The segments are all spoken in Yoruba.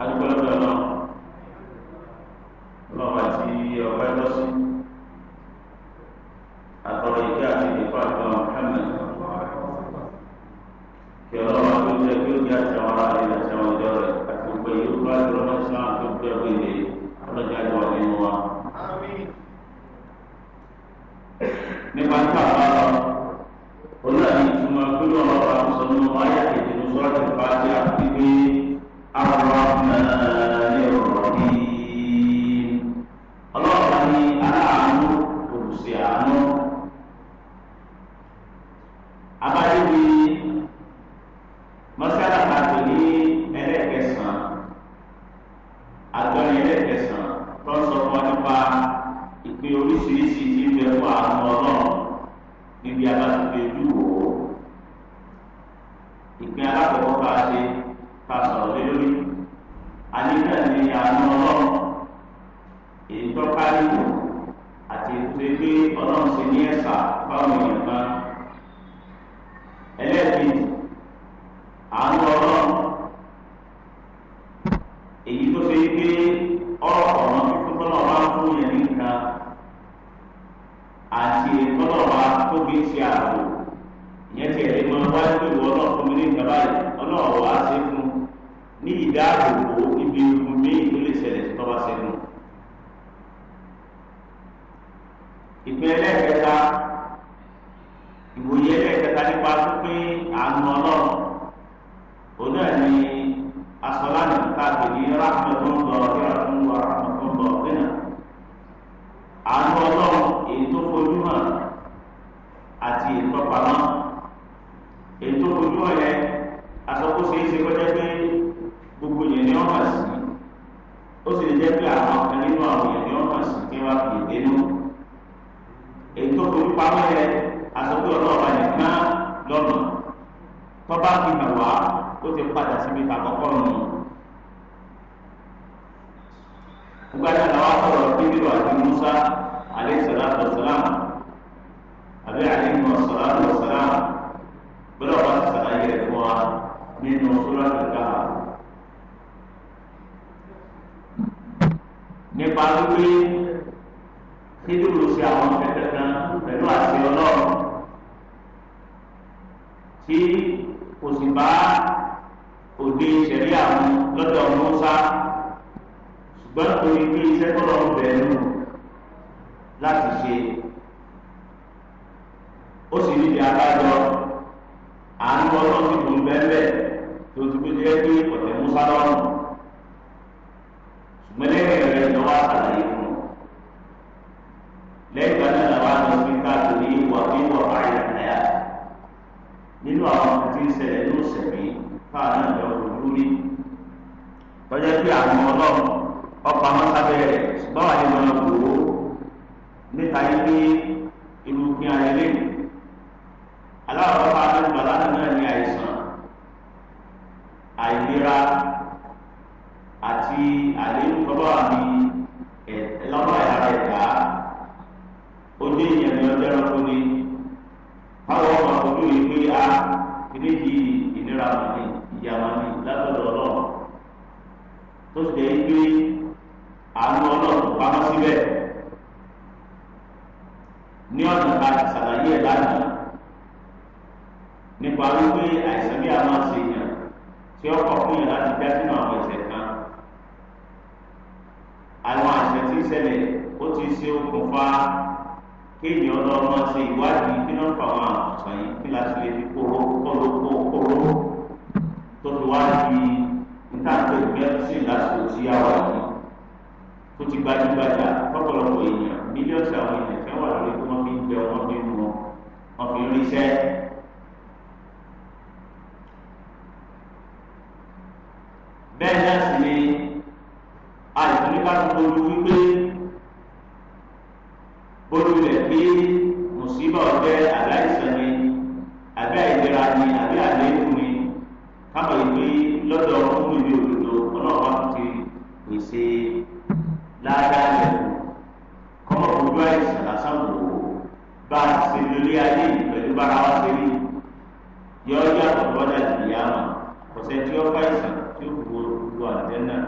adúgbò lọ́dọ̀ náà lọ́ba tí ọ̀pẹ́ lọ́sùn. nígbà tí àwọn akọ̀rọ̀ bíbélò àti Musa alayhi salatu wa salam àbí alayhi salatu wa salam gbọ́dọ̀ wá sí sàlàyé rẹ̀ fún wa nínú sóràtì káà. nípa wípé kíndùrú sí àwọn kẹ̀kẹ́ kan pẹ̀lú àṣẹ tí kò sì bá òde ìṣẹ̀lẹ̀ àwọn lọ́dọ̀ Musa gbọ́dọ̀ torí pé iṣẹ́ tó lọ́ọ́ bẹ̀rù láti ṣe ó sì níbi abájọ àánú ọlọ́run ti dùn bẹ́ẹ̀ tó ti gbé jẹ́ pé ọ̀tẹ̀ musa lọ́rùn ṣùgbọ́n lẹ́yìn rẹ̀ lọ́wọ́ àtàlàyé fún un lẹ́yìn ìgbà náà làwọn àti òfìta tó ní ìwà pé wọ́n bá yà láyà nínú àwọn tí ń ṣẹlẹ̀ ní òṣèlú fáwọn náà lọ́wọ́ lórí tọ́jú pé àwọn ọlọ́run ọ̀pọ̀ àwọn sábẹ́ rẹ̀ báwa ni mo lọ wò ó nípa yín ní irú gbin ara ilé yìí aláwọ̀ bá a lọ́dún bàbá náà ní àìsàn àìlera àti àléébù bàbá mi lọ́wọ́ ìyára ẹ̀dá ojú ìyẹn ni ọjọ́ ẹranko ni báwo ọmọ ojú yìí pé a kìíní di ìnira wọn ni ìyá ni látọ̀dọ̀ ọlọ́run tó sì lè gbé àánú ọlọ́run pamọ́ síbẹ̀ ní ọ̀nà ká ti ṣàlàyé ẹ̀ lánàá nípa wípé àìsàn bí a máa ṣe yàn tí ọkọ̀ fún yàn láti já sínú àwọn ẹ̀ṣẹ̀ kan àwọn àìsàn tí ń ṣẹlẹ̀ ó ti ṣe okùnfà kéèyàn lọ máa ṣe ìwádìí kí ló ń fa àwọn àtúnṣe yìí kí láti lè fi kóró kóró kóró tó fi wá di níta pé ìgbẹ́ sí ìlàsìkò tí a wà tó ti gbajúgbajà fọ́pọ̀lọpọ̀ èèyàn mílíọ̀nù àwọn èèyàn tí wọ́n wà lórí tí wọ́n fi ń jẹ wọn nínú wọn wọ́n fi ń ríṣẹ́. bẹ́ẹ̀ náà sì ni àìsàn nípa tó lóru wípé bólú rẹ̀ pé mùsíbà ọ̀fẹ́ àláìsàn ni àbí àìlera ni àbí àléébù ni káwọn ìpín lọ́dọ̀ ọkùnrin mi ò bára wa ṣe rí yọ ọjọ́ àkọ́kọ́ náà ti yá mà ọ̀sẹ̀ tí ó bá ìsàn tí ó fi wo gbogbo àjẹ́ náà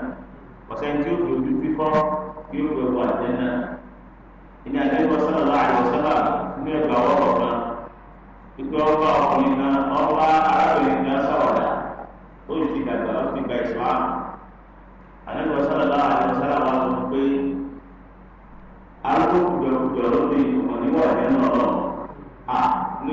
ọ̀sẹ̀ tí ó fi ojú fífọ́ tí ó fi gbogbo àjẹ́ náà ìní àdéhùn ọ̀sán ọ̀la àyọ̀sọ́lá nínú ẹgbà ọ̀rọ̀ kan ìgbà ọba ọkùnrin kan ọba arábìnrin kan sọ̀rọ̀dà ó sì ti dàgbà ó ti gba ìsìlámù àdéhùn ọ̀sán ọ̀la àyọ̀sọ́lá wà lọ́wọ́ pé arúgbó kùjọkùjọ ló ní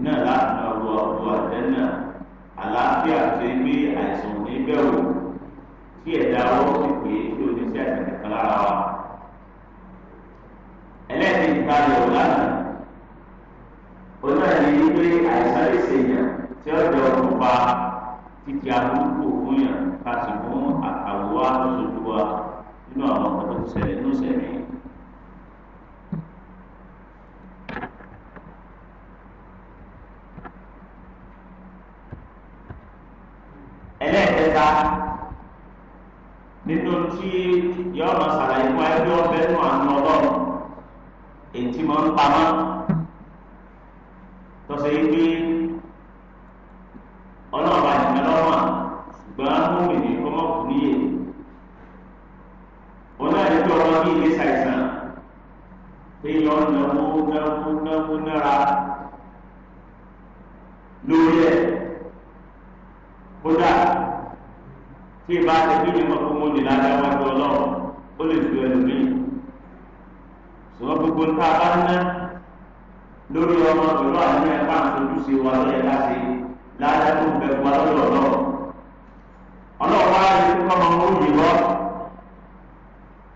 náà láti máa wo àwọn àtẹ́nà àlàáfíà ṣe gbé àìsàn níbẹ̀ wò kí ẹ̀dá ọwọ́ sì pé kí oníṣẹ́ àti kankan lára wa. ẹlẹ́ẹ̀kejì ta lè wò lánàá onáà ní wípé àìsàn lè ṣèyàn tí ó jọ òkúpa títí àbúrúkú òkun yàn ká sì mú àkàwé wa lóṣooṣù wa nínú àwọn ọ̀pọ̀ tó ṣẹlẹ̀ ní òṣèlú dáadáa nínú tí yọọ lọ sàlàyé fún ẹbí ọbẹ nù àánú Ọlọ́run èyí tí mo ń pamọ́ tọ́sẹ̀ yìí pé ọlọ́ọ̀bà ìgbẹ́ lọ́wọ́ ṣùgbọ́n mọ́mì ní kọ́mọ́kù níyè onáyẹ̀ pé ọmọ bíi ilé ṣàìsàn pé yọ náwó náwó náwó nára lórí ẹ̀ kódà bí ìbá ṣe bí mi mọ̀ fún mo nìlá dá wá ju ọlọ́run ó lè ju ẹlòmíì ṣùgbọ́n gbogbo tá a bá ń ná lórí ọmọ pẹ̀lú àwọn ẹ̀ka àtúntúnṣe wa lọ́yẹ̀ láti láti tó ń bẹ̀rù wa lọ́dọ̀ ọlọ́run ọlọ́run wá ní kí ọmọ wọn yìí lọ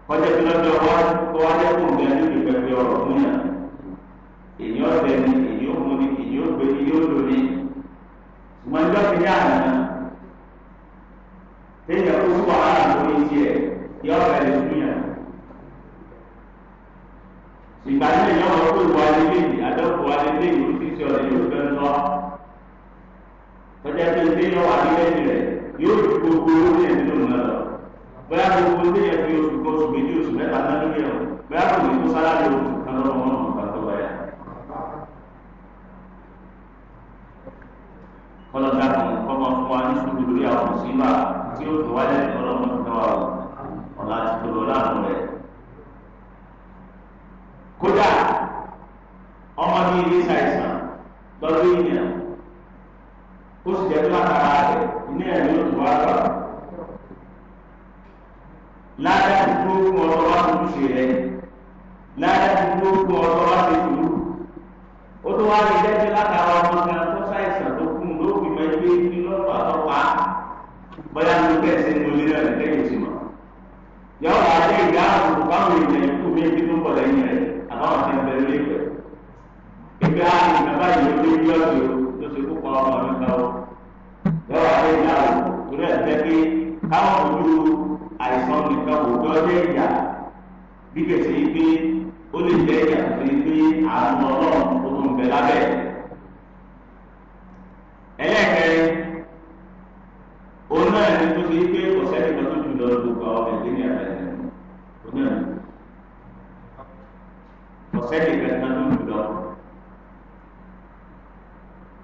kọjá ìpínlẹ̀ ọjọ́ wa kó wá lẹ́kùn ní ẹni ìpẹ̀pẹ̀ ọ̀rọ̀ fún yàn èyí ọ̀bẹ ni èyí ó mú ni èyí ó gbé ni yóò lò ní ṣùgbọ́n ìjọ́ ti ní àná téèyàn tó sùn wàhálà lórí tiẹ̀ yọ ọ̀rẹ́ lè fún yàn. ìgbà tí èèyàn wọn pé ìwà lélẹ́yìn àdọ́kùn wa lélẹ́yìn ló ti ṣe ọ̀rẹ́ yóò fẹ́ lọ. tọ́jà pé téèyàn wà lélẹ́yìn rẹ̀ yóò ju gbogbo owó yẹn nínú náà lọ. bóyá gbogbo téèyàn fi oṣù kan oṣù méjì oṣù mẹ́ta náà lórí ẹ̀ bóyá kò ní kó sáláàdì oṣù kan lọ́wọ́ náà.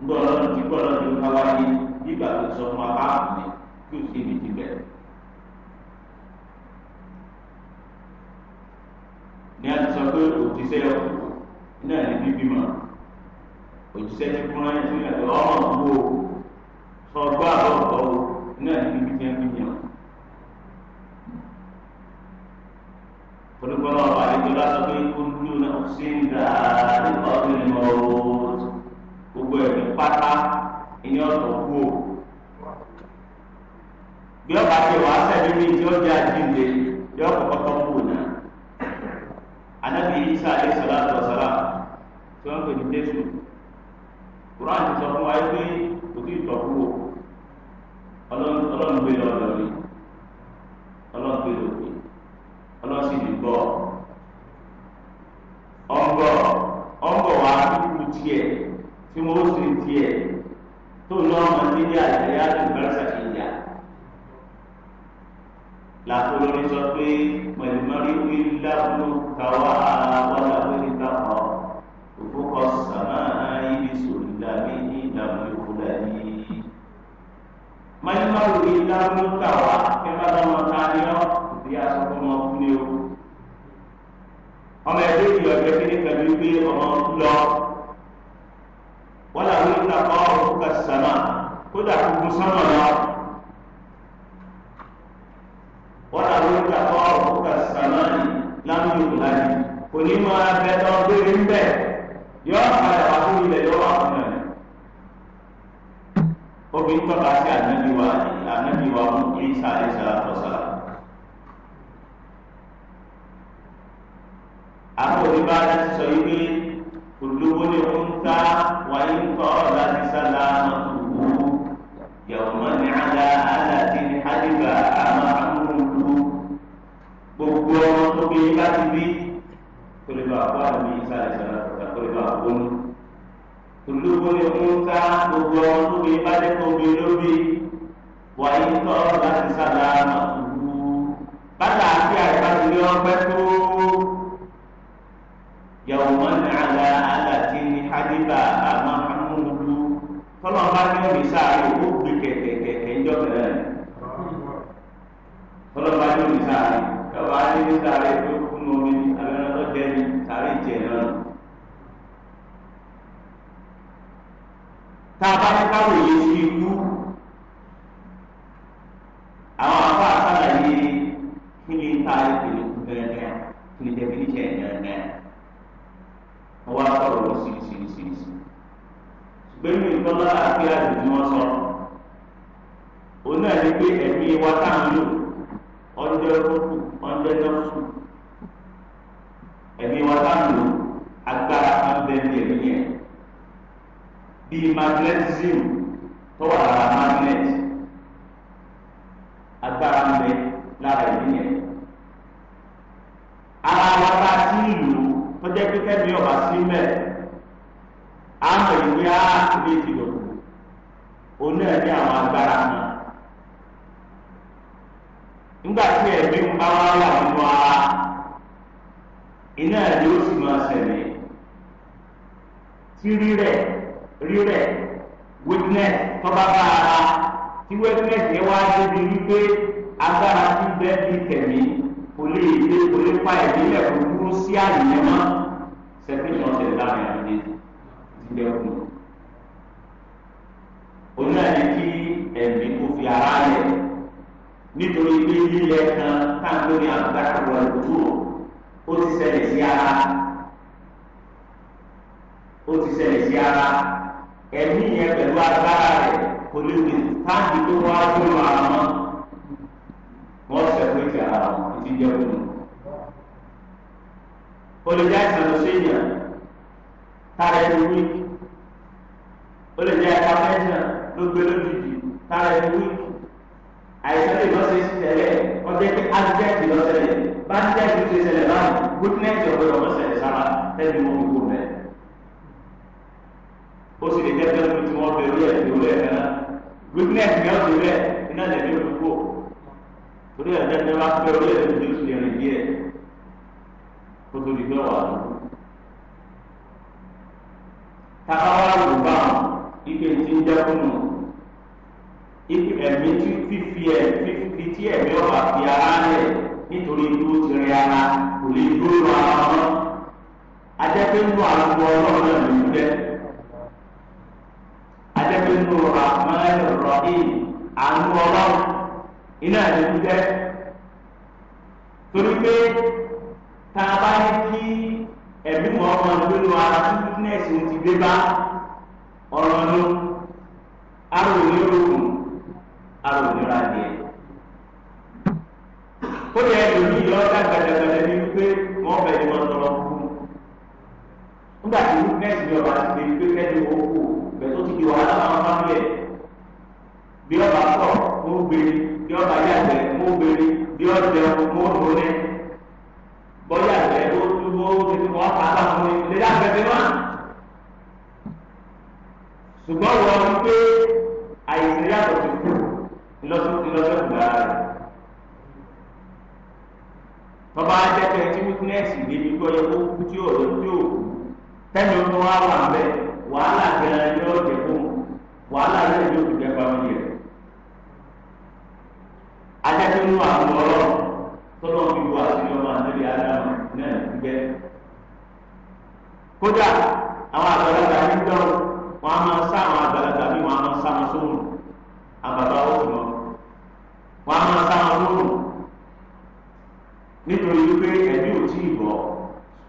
ńgbọ́ lọ́nà tí gbọ́ lọ́nà tó ká wáyé nígbà tó sọ fún apá àbùnì kí o sì ní ti bẹ̀rẹ̀. ní a ti sọ pé òjíṣẹ́ náà ní bíbí mọ̀ òjíṣẹ́ ti fún ẹni tí ìrìnàjò ọ̀rọ̀ ń wò sọ gbọ́ àbọ̀ o náà ní bíbí tí wọ́n bíbí mọ̀. olùkọ́ náà wà ní tó lásán pé ó ń dúró náà sí gbogbo ẹ̀mí pátá ìní ọ̀sán kú o. bí ọba ti wàá sẹ́ni ní ìdí ọjà jíǹde yọ ọkọ̀ tó kú náà. anábì isa alayhi salatu wa salam tí wọ́n pè ní jésù. kuran ti sọ fún wa pé kò tí kú o. ọlọ́run gbé lọ lọ́rí ọlọ́run gbé lọ pé ọlọ́run sì ní gbọ́ ọgbọ́ ọgbọ́ wa kúkú tiẹ̀ tí wọ́n ó sì tiẹ̀ tó ní ọmọ nílé àjẹyà tó gbàrúsà kìíyà làkúrò ní sọ pé pẹ̀lú mọ́ríwí lábúrò káwá àwọn àbúrò ìtàkọ̀ òfúkọ sàmáà ibi sòrìdà mi ní ìdààmú ìkúlà yìí. mọ́ríwáwò ìdààmú káwá kẹfà lọ́mọ káyọ́ ìdí àsopọ̀ mọ́ fún mi o. ọmọ ẹgbẹ́ ìyọ̀jẹ́ kí ni pẹ̀lú pé ọmọ ń lọ wọ́n làwọn ìgbà kọ́ ọ̀rùn kà sàmà kódà gbogbo sọ́mọ̀ lọ. wọ́n làwọn ìgbà kọ́ ọ̀rùn kà sàmà lánàá ìlú láyé onímọ̀ abẹ́tọ̀ gbére ń bẹ̀ yọ àyà wà fún ilẹ̀ yọ wà fún ẹ̀. obìnrin tọ́ka sí ànábì wa ànábì wa mú kí sáré sára tọ́ sára. àpò ìbára ti sọ yí pé olówó ni ó ń ta. وإن قالت سلامته يوما على آلة حجبا أما عمره gbogbo ọmọ tó gbé yín láti bí kólébà wà ní ìsàlẹ̀ sọ̀rọ̀ àtàkùn kólébà gbónú tòlógbó ni ó ń ká gbogbo ọmọ tó gbé yín bá dẹ́kun gbé lóbi wàyí tọ́ láti sàlá màkúrú bàtà àti àìbáṣe ni wọ́n pẹ́ tó yàwó mọ́ni àlà àlà tí ní ní sáàrì ó gbé kẹ̀kẹ̀kẹ̀ ńjọ́ tẹ̀lé rẹ̀ ọlọ́ba ní òní sáàrì ọba ní ní sáàrì tó kún omi abẹ́rẹ́ tó jẹ́ ní sáàrì jẹ́ náà. tá a bá ní káwọ̀ yìí sí ikú. ló gbé lójijì tára ẹni wí àìsàn lè lọ́sẹ̀ tẹ̀lé ọjọ́ pé ásídẹ́ẹ̀tì lọ́sẹ̀lẹ̀ bá ásídẹ́ẹ̀tì ti ṣẹlẹ̀ báyìí gúdínẹ́ẹ̀tì ọ̀gbọ́dọ̀ lọ́sẹ̀lẹ̀ sábà tẹ́lẹ̀ mọ́ gbogbo rẹ̀ ó sì lè tẹ́tẹ́ fún tí wọ́n fẹ́ lórí ẹ̀ lórí ẹ̀ náà gúdínẹ́ẹ̀tì ni ọ̀sẹ̀ rẹ̀ iná lẹ̀ ní olùkó torí ẹ̀ tẹ́tẹ́ bá fẹ́ lórí ẹ̀ lórí oṣù rẹ̀ díẹ̀ kó tó di gbẹ́wàá. takawa ló bá wọn ike ti ń jẹ́ fún un ẹ̀mí fífi ẹ̀ fífi tí ẹ̀mí ọba fi ara rẹ̀ nítorí dúró ti rẹ̀ ara kò lè dúró lọ ara wọn ajẹ́pẹ́ nínú àgbo ọlọ́run náà ló ń jẹ́ ajẹ́pẹ́ nínú àmọ́lẹ́ ọ̀rọ̀ yìí àánú ọlọ́run iná ló ń jẹ́ torí pé tá a bá ní kí ẹ̀mí mọ́ ọmọ ìgbénu ara tí fitness ti dé bá ọ̀rọ̀ ló arò ní orúkún arò ní radiẹ. ó yẹ ẹlòmí yọ ọ́ dàgbàdàgbàdà ní wípé wọ́n bẹ̀ ní wọn sọ̀rọ̀ fún un. nígbà tí wíkẹ́ẹ̀sì ni ọba ti gbé kẹ́ni owó kù bẹ̀tọ́ ti di wàhálà máa ń bá mi ẹ̀. bí ọba kọ̀ mo gbé bí ọba yàgbẹ́ mo gbé bí ọjọ́ mo rò ní bọ́yàgbẹ́ ó túbọ̀ ó ti wọ́n pa á bá mi lè dàgbẹ́ bí wọ́n. ṣùgbọ́n wọ́n ń pé àìsàn yàtọ̀ tó kù ìlọsọ̀kù lára rẹ̀. bàbá ajẹ́pẹ́ tí wíkínẹ́sì débi gbọ́ kó kú tí òòrùn tí ò kú tẹ́lẹ̀ ó wá wà mẹ́ wàhálà gẹ̀rẹ́ yóò fún wàhálà yóò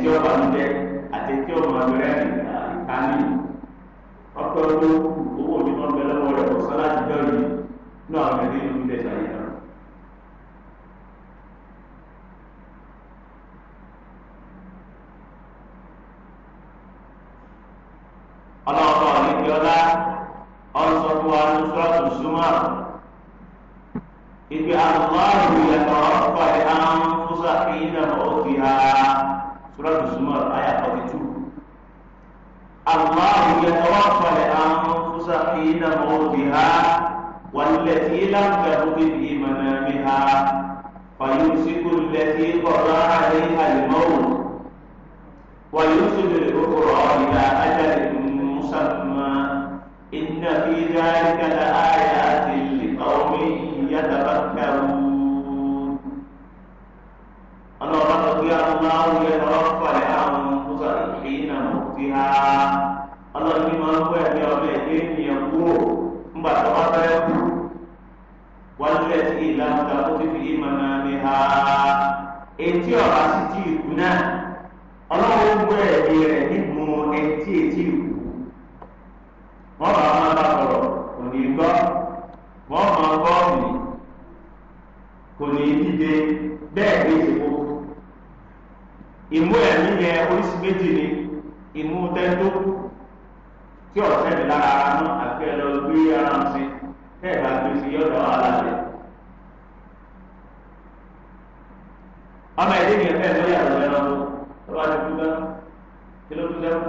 ẹtí ọba ọdẹ àti ẹtí ọmọ ọdẹ àtàní ọpẹ ọdún owó òdìmọ ọgbẹ lọ́wọ́ rẹ kọsán láti jọ yìí náà ọdẹ nínú ilé والتي لم تبلغ في منامها فيمسك التي قضى عليها الموت ويرسل الأخرى إلى أجل مسمى إن في ذلك yẹn oríṣi méjì ni ìmú tẹ́tó tí ọ̀sẹ̀ mi lára ara mọ́ àti ẹ̀ lọ gbé ara ń sí bẹ́ẹ̀ bá gbé sí yọ̀dọ̀ ara rẹ̀. ọmọ ẹ̀dẹ́ yẹn fẹ́ lọ́ọ́ yàrá lọ́wọ́ tó bá ti kú lọ́wọ́ kí ló kú lọ́wọ́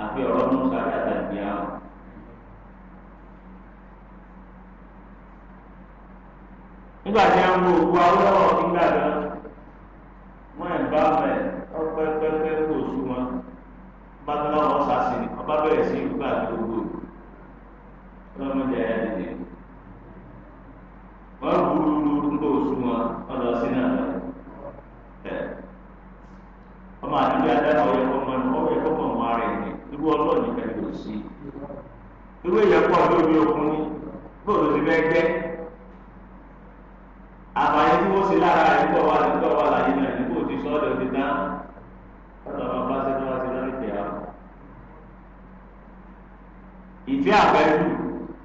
àfi ọ̀rọ̀ musa dàda ìyá wọn. nígbà tí a ń wo òkú awúrọ̀ nígbà náà. irú èèyàn pọ̀ lórí okun ní bóòlù ti bẹ́ẹ̀ gbẹ́ àbáyé tí wọ́n ṣe lára rẹ̀ nígbà wà nígbà wà láyé náà nígbà òtí sọ́ọ̀dọ̀ ti dá ọ̀dọ̀ àwọn bá ṣe lọ́wọ́ sí lọ́rí tẹ̀yà. ìfẹ́ àfẹ́jù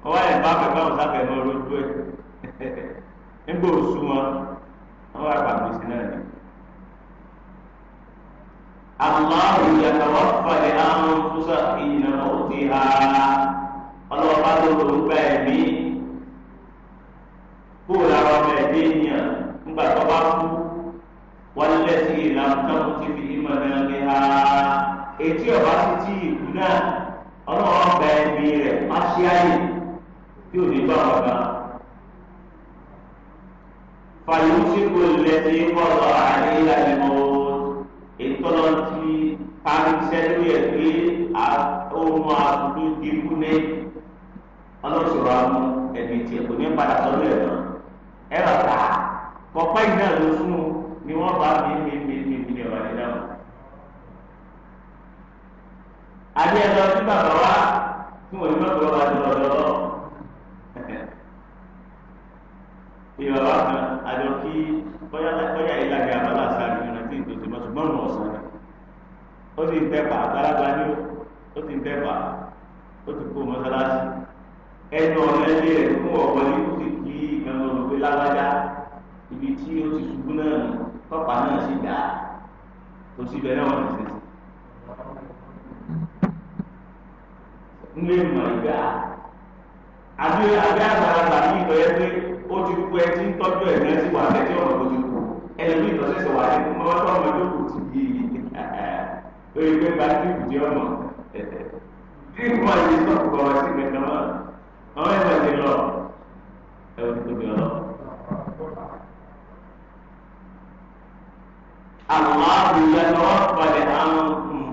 ọwọ́ ẹ̀ bá fẹ́ báwọn sáfẹ́ mọ́ lójú ẹ̀ nígbà òṣù mọ̀lẹ́bí rẹ̀ fún ọ̀pọ̀ ní kó sì kí ìkànnì olùgbé lágbájá ibi tí ó ti ṣubú náà tọ́pà náà sì dá kò sí ibẹ̀ náà wọ́n ti sèse. Nlé mọ̀ ìgbà àbí àbí àgbàlagbà yìí lọ yẹ pé ó ti kú ẹ ti ń tọ́jú ẹ̀ náà sí wà lẹ́tí ọ̀nà tó ti kú ẹlẹ́mí ìtọ́sẹ̀sẹ̀ wà lẹ́tí mọ́ ọ́ tọ́mọ tó kù ti di oyè pé gba tí kù di ọ̀nà tí mo àyè sọ̀kọ̀ sí kankan náà àwọn ẹ̀rọ ìdè lọ ẹ̀rọ ìdè tóbi ọlọ. Àlùmáàbù yàtọ̀ ọ̀pọ̀lẹ̀ àrùn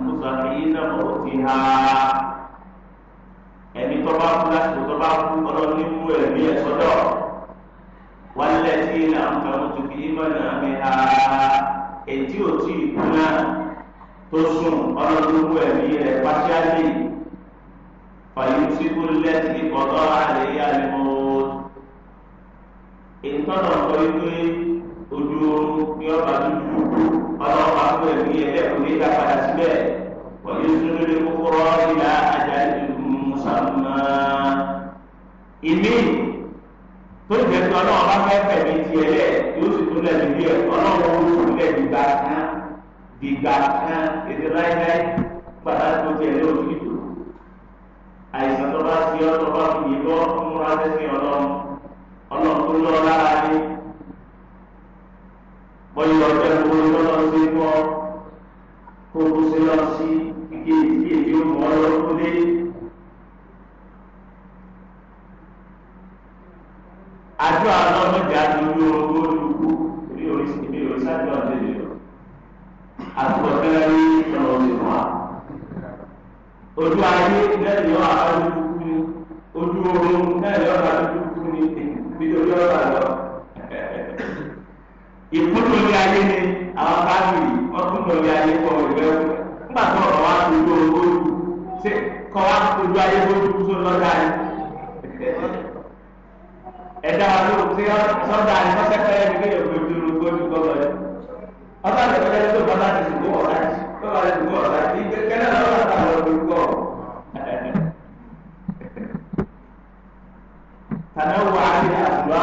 kùsàkì yìí náà kò ti ha. Ẹni tó bá kú láti tó bá kú ọlọ́run ní mú ẹ̀mí ẹ̀ sọ́dọ̀. Wọ́n lẹ̀ sí ìlànà òtù kì í mọ̀ náà mi ha. Ètí òtí ìkú náà tó sùn ọlọ́run mú ẹ̀mí rẹ̀ pàṣẹ àlè. فيمسك التي قضى عليها الموت ìtọ́nà sọ wípé ojú oorun ní ọba dúdú ọlọ́pàá tó ẹ̀mí ẹlẹ́kùn ní ìgbà padà síbẹ̀ wọ́n yóò tún lórí kókóró ìlà àjà ìmùsàmá. ìmí tó jẹ́ pé ọlọ́run bá fẹ́ fẹ̀mí tiẹ̀ lẹ̀ yóò sì tún lẹ̀ níbí ẹ̀ ọlọ́run ó tún lẹ̀ dìgbà kan dìgbà kan ètò láíláí gbàdá tó tiẹ̀ lé òtún àìsàn tó bá ti ọ́ tó bá fi yìí bọ́ múra sẹ́sìn ọlọ́run ọlọ́run tó lọ lára ní bọ́yì ọjọ́ ìwé lọ́nà sí mọ́ kó kó sí lọ sí ike ìdí èyí ó mọ́ ọ́ tó dé. àjọ àwọn ọmọdé àdúgbò olùkú ní oríṣiríṣi àjọ àdúgbò àtúbọ̀tẹ́lẹ́ ní ojú ayé lẹ́yìn ọ̀rọ̀ àdúgbò ni ojú oorun lẹ́yìn ọ̀rọ̀ àdúgbò ni nítorí ọ̀rọ̀ àlọ́. ìkúndùn ní ayé ni àwọn fámìlì ọdún lórí ayé pọ̀ ìgbẹ́ nígbà tó ọ̀rọ̀ wá sí ojú oorun ojú ṣé kọ́ wá ojú ayé lójú tó lọ́dà yìí. ẹ̀dá wa ló ti sọ́dà ní sọ́sẹ́fẹ́ ẹni kéèyàn kò ju ojú gbọ́dọ̀ yìí. ọ̀sán ìgbàlódé tó bá láti sùn kó ọ̀rá yìí tó bá láti sùn kó ọ̀rá yìí kẹ́lẹ́ lọ́wọ́ تنوع عليها أسباب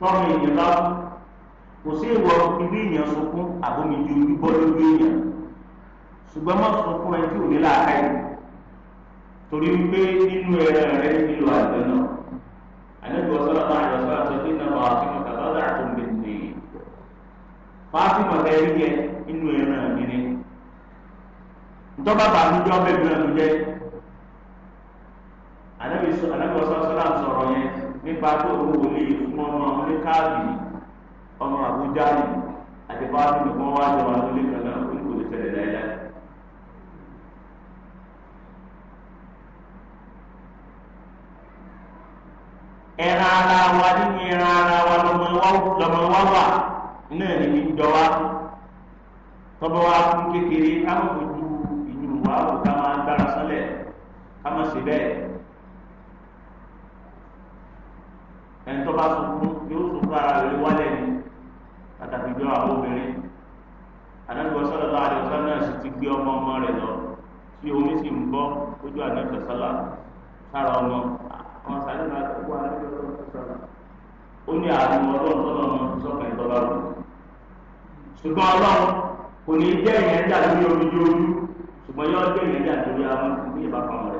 tọ́mọ èèyàn bá kú kò sí ìwọ ibi èèyàn sunkún àbómijì orí bọ́ lórí èèyàn ṣùgbọ́n má sunkún ẹ tí ò ní làákà yìí torí wípé nínú ẹ̀rọ rẹ nílò àgbẹ̀ náà àlejò ọ̀sọ́rọ̀ náà yọ sọ́ra sọ pé náà wàá fímọ̀ kàtà ọ̀dà tó ń bẹ̀ ní èyí fáfímọ̀ kẹrí yẹ nínú ẹ̀rọ mi ni ntọ́ba bàtújọ́ bẹ́ẹ̀ bí wọ́n ti jẹ́ àlejò ọ̀sọ́rọ̀ sọ̀rọ̀ yẹn nípa tó ń wòlé fún ọmọ oníkáàbì ọmọ àbújá yìí àti fáwọn ìgbìmọ̀ wá jọ wà lórí kankan oníkò lè tẹ̀lé láyé. ẹran ara wa nínú ẹran ara wa lọmọ wa wà náà ní ní jọ wa tọ́bọ̀ wa fún kékeré ká má fojú ìlú wa ká máa dára sọ́lẹ̀ ká má ṣe bẹ́ẹ̀. ẹ̀ńtọ́ bá sunkún yóò sunkún ara rẹ̀ wálẹ̀ ni pàtàkì jọ àwọn obìnrin anábìwọ sọlọ lọ àdìsọ náà sì ti gbé ọmọ ọmọ rẹ̀ lọ tí omi sì ń bọ́ lójú àdìsọ sọlá sára ọmọ àwọn sáré náà tó wà lójú ọlọ́run ó ní àrùn ọlọ́run tọ́lọ́ ọmọ sọ́kàn ìtọ́lá rẹ̀ ṣùgbọ́n ọlọ́run kò ní jẹ́ ìyẹn jà lórí omi lójú ṣùgbọ́n yóò jẹ́ ìyẹn jà lórí àwọn ìbáfàmọ́ rẹ̀.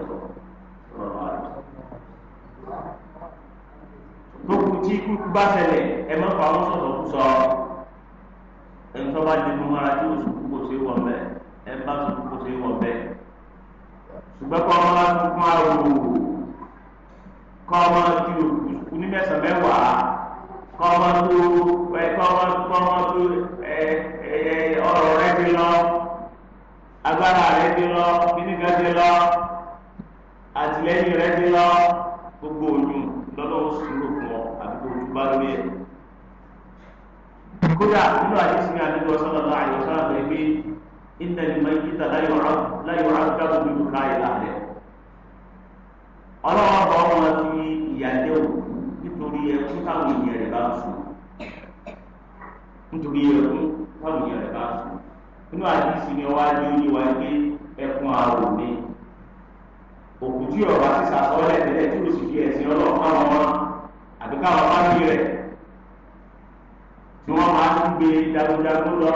tí ikú bá ṣẹlẹ̀ ẹ má pa wọn sọ̀tọ̀ kú sọ ẹni tó bá di fún ara tí o sùn kó ṣe wọ̀ bẹ́ẹ̀ ẹ bá sùn kó ṣe wọ̀ bẹ́ẹ̀ ṣùgbọ́n kọ́ ọmọ láti fún ara o kọ́ ọmọ tí o kú ní mẹ́sàn-án mẹ́wàá kọ́ ọmọ tó ẹ kọ́ ọmọ kọ́ ọmọ tó ẹ ẹ ọ̀rọ̀ rẹ ti lọ agbára rẹ ti lọ kíníkà ti lọ àtìlẹ́yìn rẹ ti lọ gbogbo òyìn lọ́dọ̀ ó sùn lò bá lórí ẹ̀. kódà nínú àdísí ní àdúgbò sọ́nà náà àyè sọ́nà pé pé iná ni máa ń kíta láyọ̀ rágbàgbọ́ nínú káyọ̀ láàrẹ̀. ọlọ́wọ́ bá wọn fi ìyà jẹ́ òkú nítorí ẹkú táwọn èèyàn rẹ̀ bá sùn. nítorí ẹkú táwọn èèyàn rẹ̀ bá sùn. nínú àdísí ni wọ́n á oníwà pé ẹkún àrò ni òkú tí ọ̀rọ̀ àti sàsọ́ọ́lẹ̀ tẹ́lẹ̀ tí ó sì fi ẹ̀sìn ọlọ́ọ̀pá àti káwọn fáwọn rẹ̀ tí wọ́n máa ń gbé jagunjagun lọ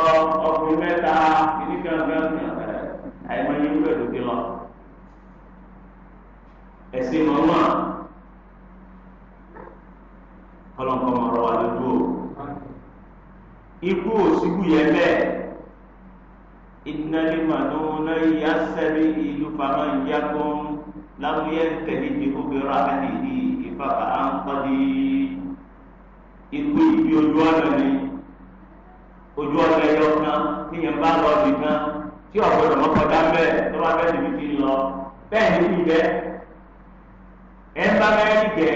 ọkùnrin mẹ́ta kìíní gangan àìmọye irú ẹ̀ lóde lọ. ẹ̀sìn mọ̀ọ́mọ́ kọ́lọ́nkọ́ mọ̀ọ́rọ́ wa lójú o. ikú òsìkú yẹn bẹ́ẹ̀ ìnáni màdùn náà yá sẹ́bi ìlú fama yá kún lámúyẹ́ tẹ̀lé ní obìnrin àkàdé yìí fàkà á ń pàdé ikú ìbí ojú ọ̀nà ni ojú ọ̀nà ẹ̀yọ kan níyẹn bá lọ ọ̀dì kan tí ọ̀gbọ́dọ̀ mọ́ kọjá bẹ́ẹ̀ tó bá bẹ́ẹ̀ níbi tí ń lọ bẹ́ẹ̀ ní kú jẹ́ ẹ̀ ń bá bẹ́ẹ̀ jẹ́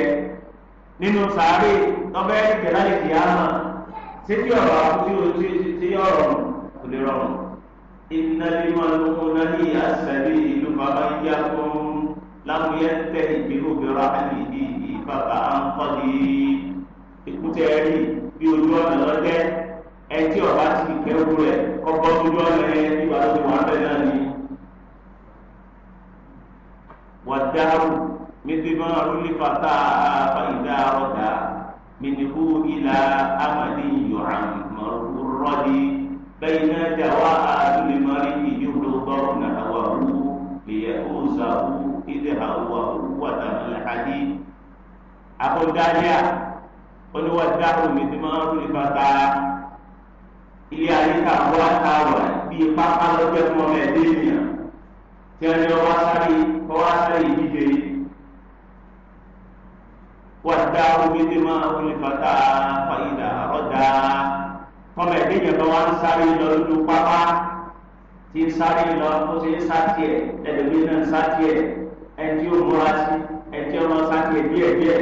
nínú sàárè lọ́bẹ̀ jẹ́ láyé kìí àmà ṣé kí ọ̀rọ̀ àkútí o ti ti ọ̀rọ̀ kò lè rọrùn. ìnàlímọ̀lùmọ̀nà ní àṣàlẹ̀ ìlú bàbá yá fún lámúyẹ́ tẹ̀ ìgbéró bẹ̀rọ àlè yìí bàbá àǹkọ́lì ìkútẹ́ rí bí ojú ọ̀nà lọ́jẹ́ ẹtí ọ̀bá ti kẹ́wù rẹ̀ kọ́kọ́ ojú ọ̀nà yẹn ní wàá lóde wàá bẹ̀rẹ̀ náà ni. wàdáàrú mẹsìmọ́ arúlẹ́fàtà fàyídà ọ̀dà mẹnìkú ìlà amadi yọ̀hán mọ̀rọ̀dì bẹ́ẹ̀ náà jàwá àdúlẹ̀ mọ́rí ìyókòó bọ́ọ̀nà àwàrú lèyẹ̀ ó zàwú ìdè àwàrú akọ̀dáríà oníwàdáhù mi ti máa ń rú nípa tààrà ilé ayé ká wá táwà bíi pápá lọ́jọ́ fún ọmọ ẹ̀dẹ́ ènìyàn tí a ní ọwọ́ sáré ọwọ́ sáré ìdíje wàdáhù mi ti máa ń rú nípa tààrà fàyídà àrọ́dà ọmọ ẹ̀dẹ́ ènìyàn tó wá ń sáré lọ lójú pápá tí ń sáré lọ ó ti ń sátiẹ̀ ẹ̀dẹ̀gbẹ́ náà ń sátiẹ̀ ẹ̀ tí ó múra sí ẹ̀ tí ó lọ sátiẹ̀ díẹ̀díẹ̀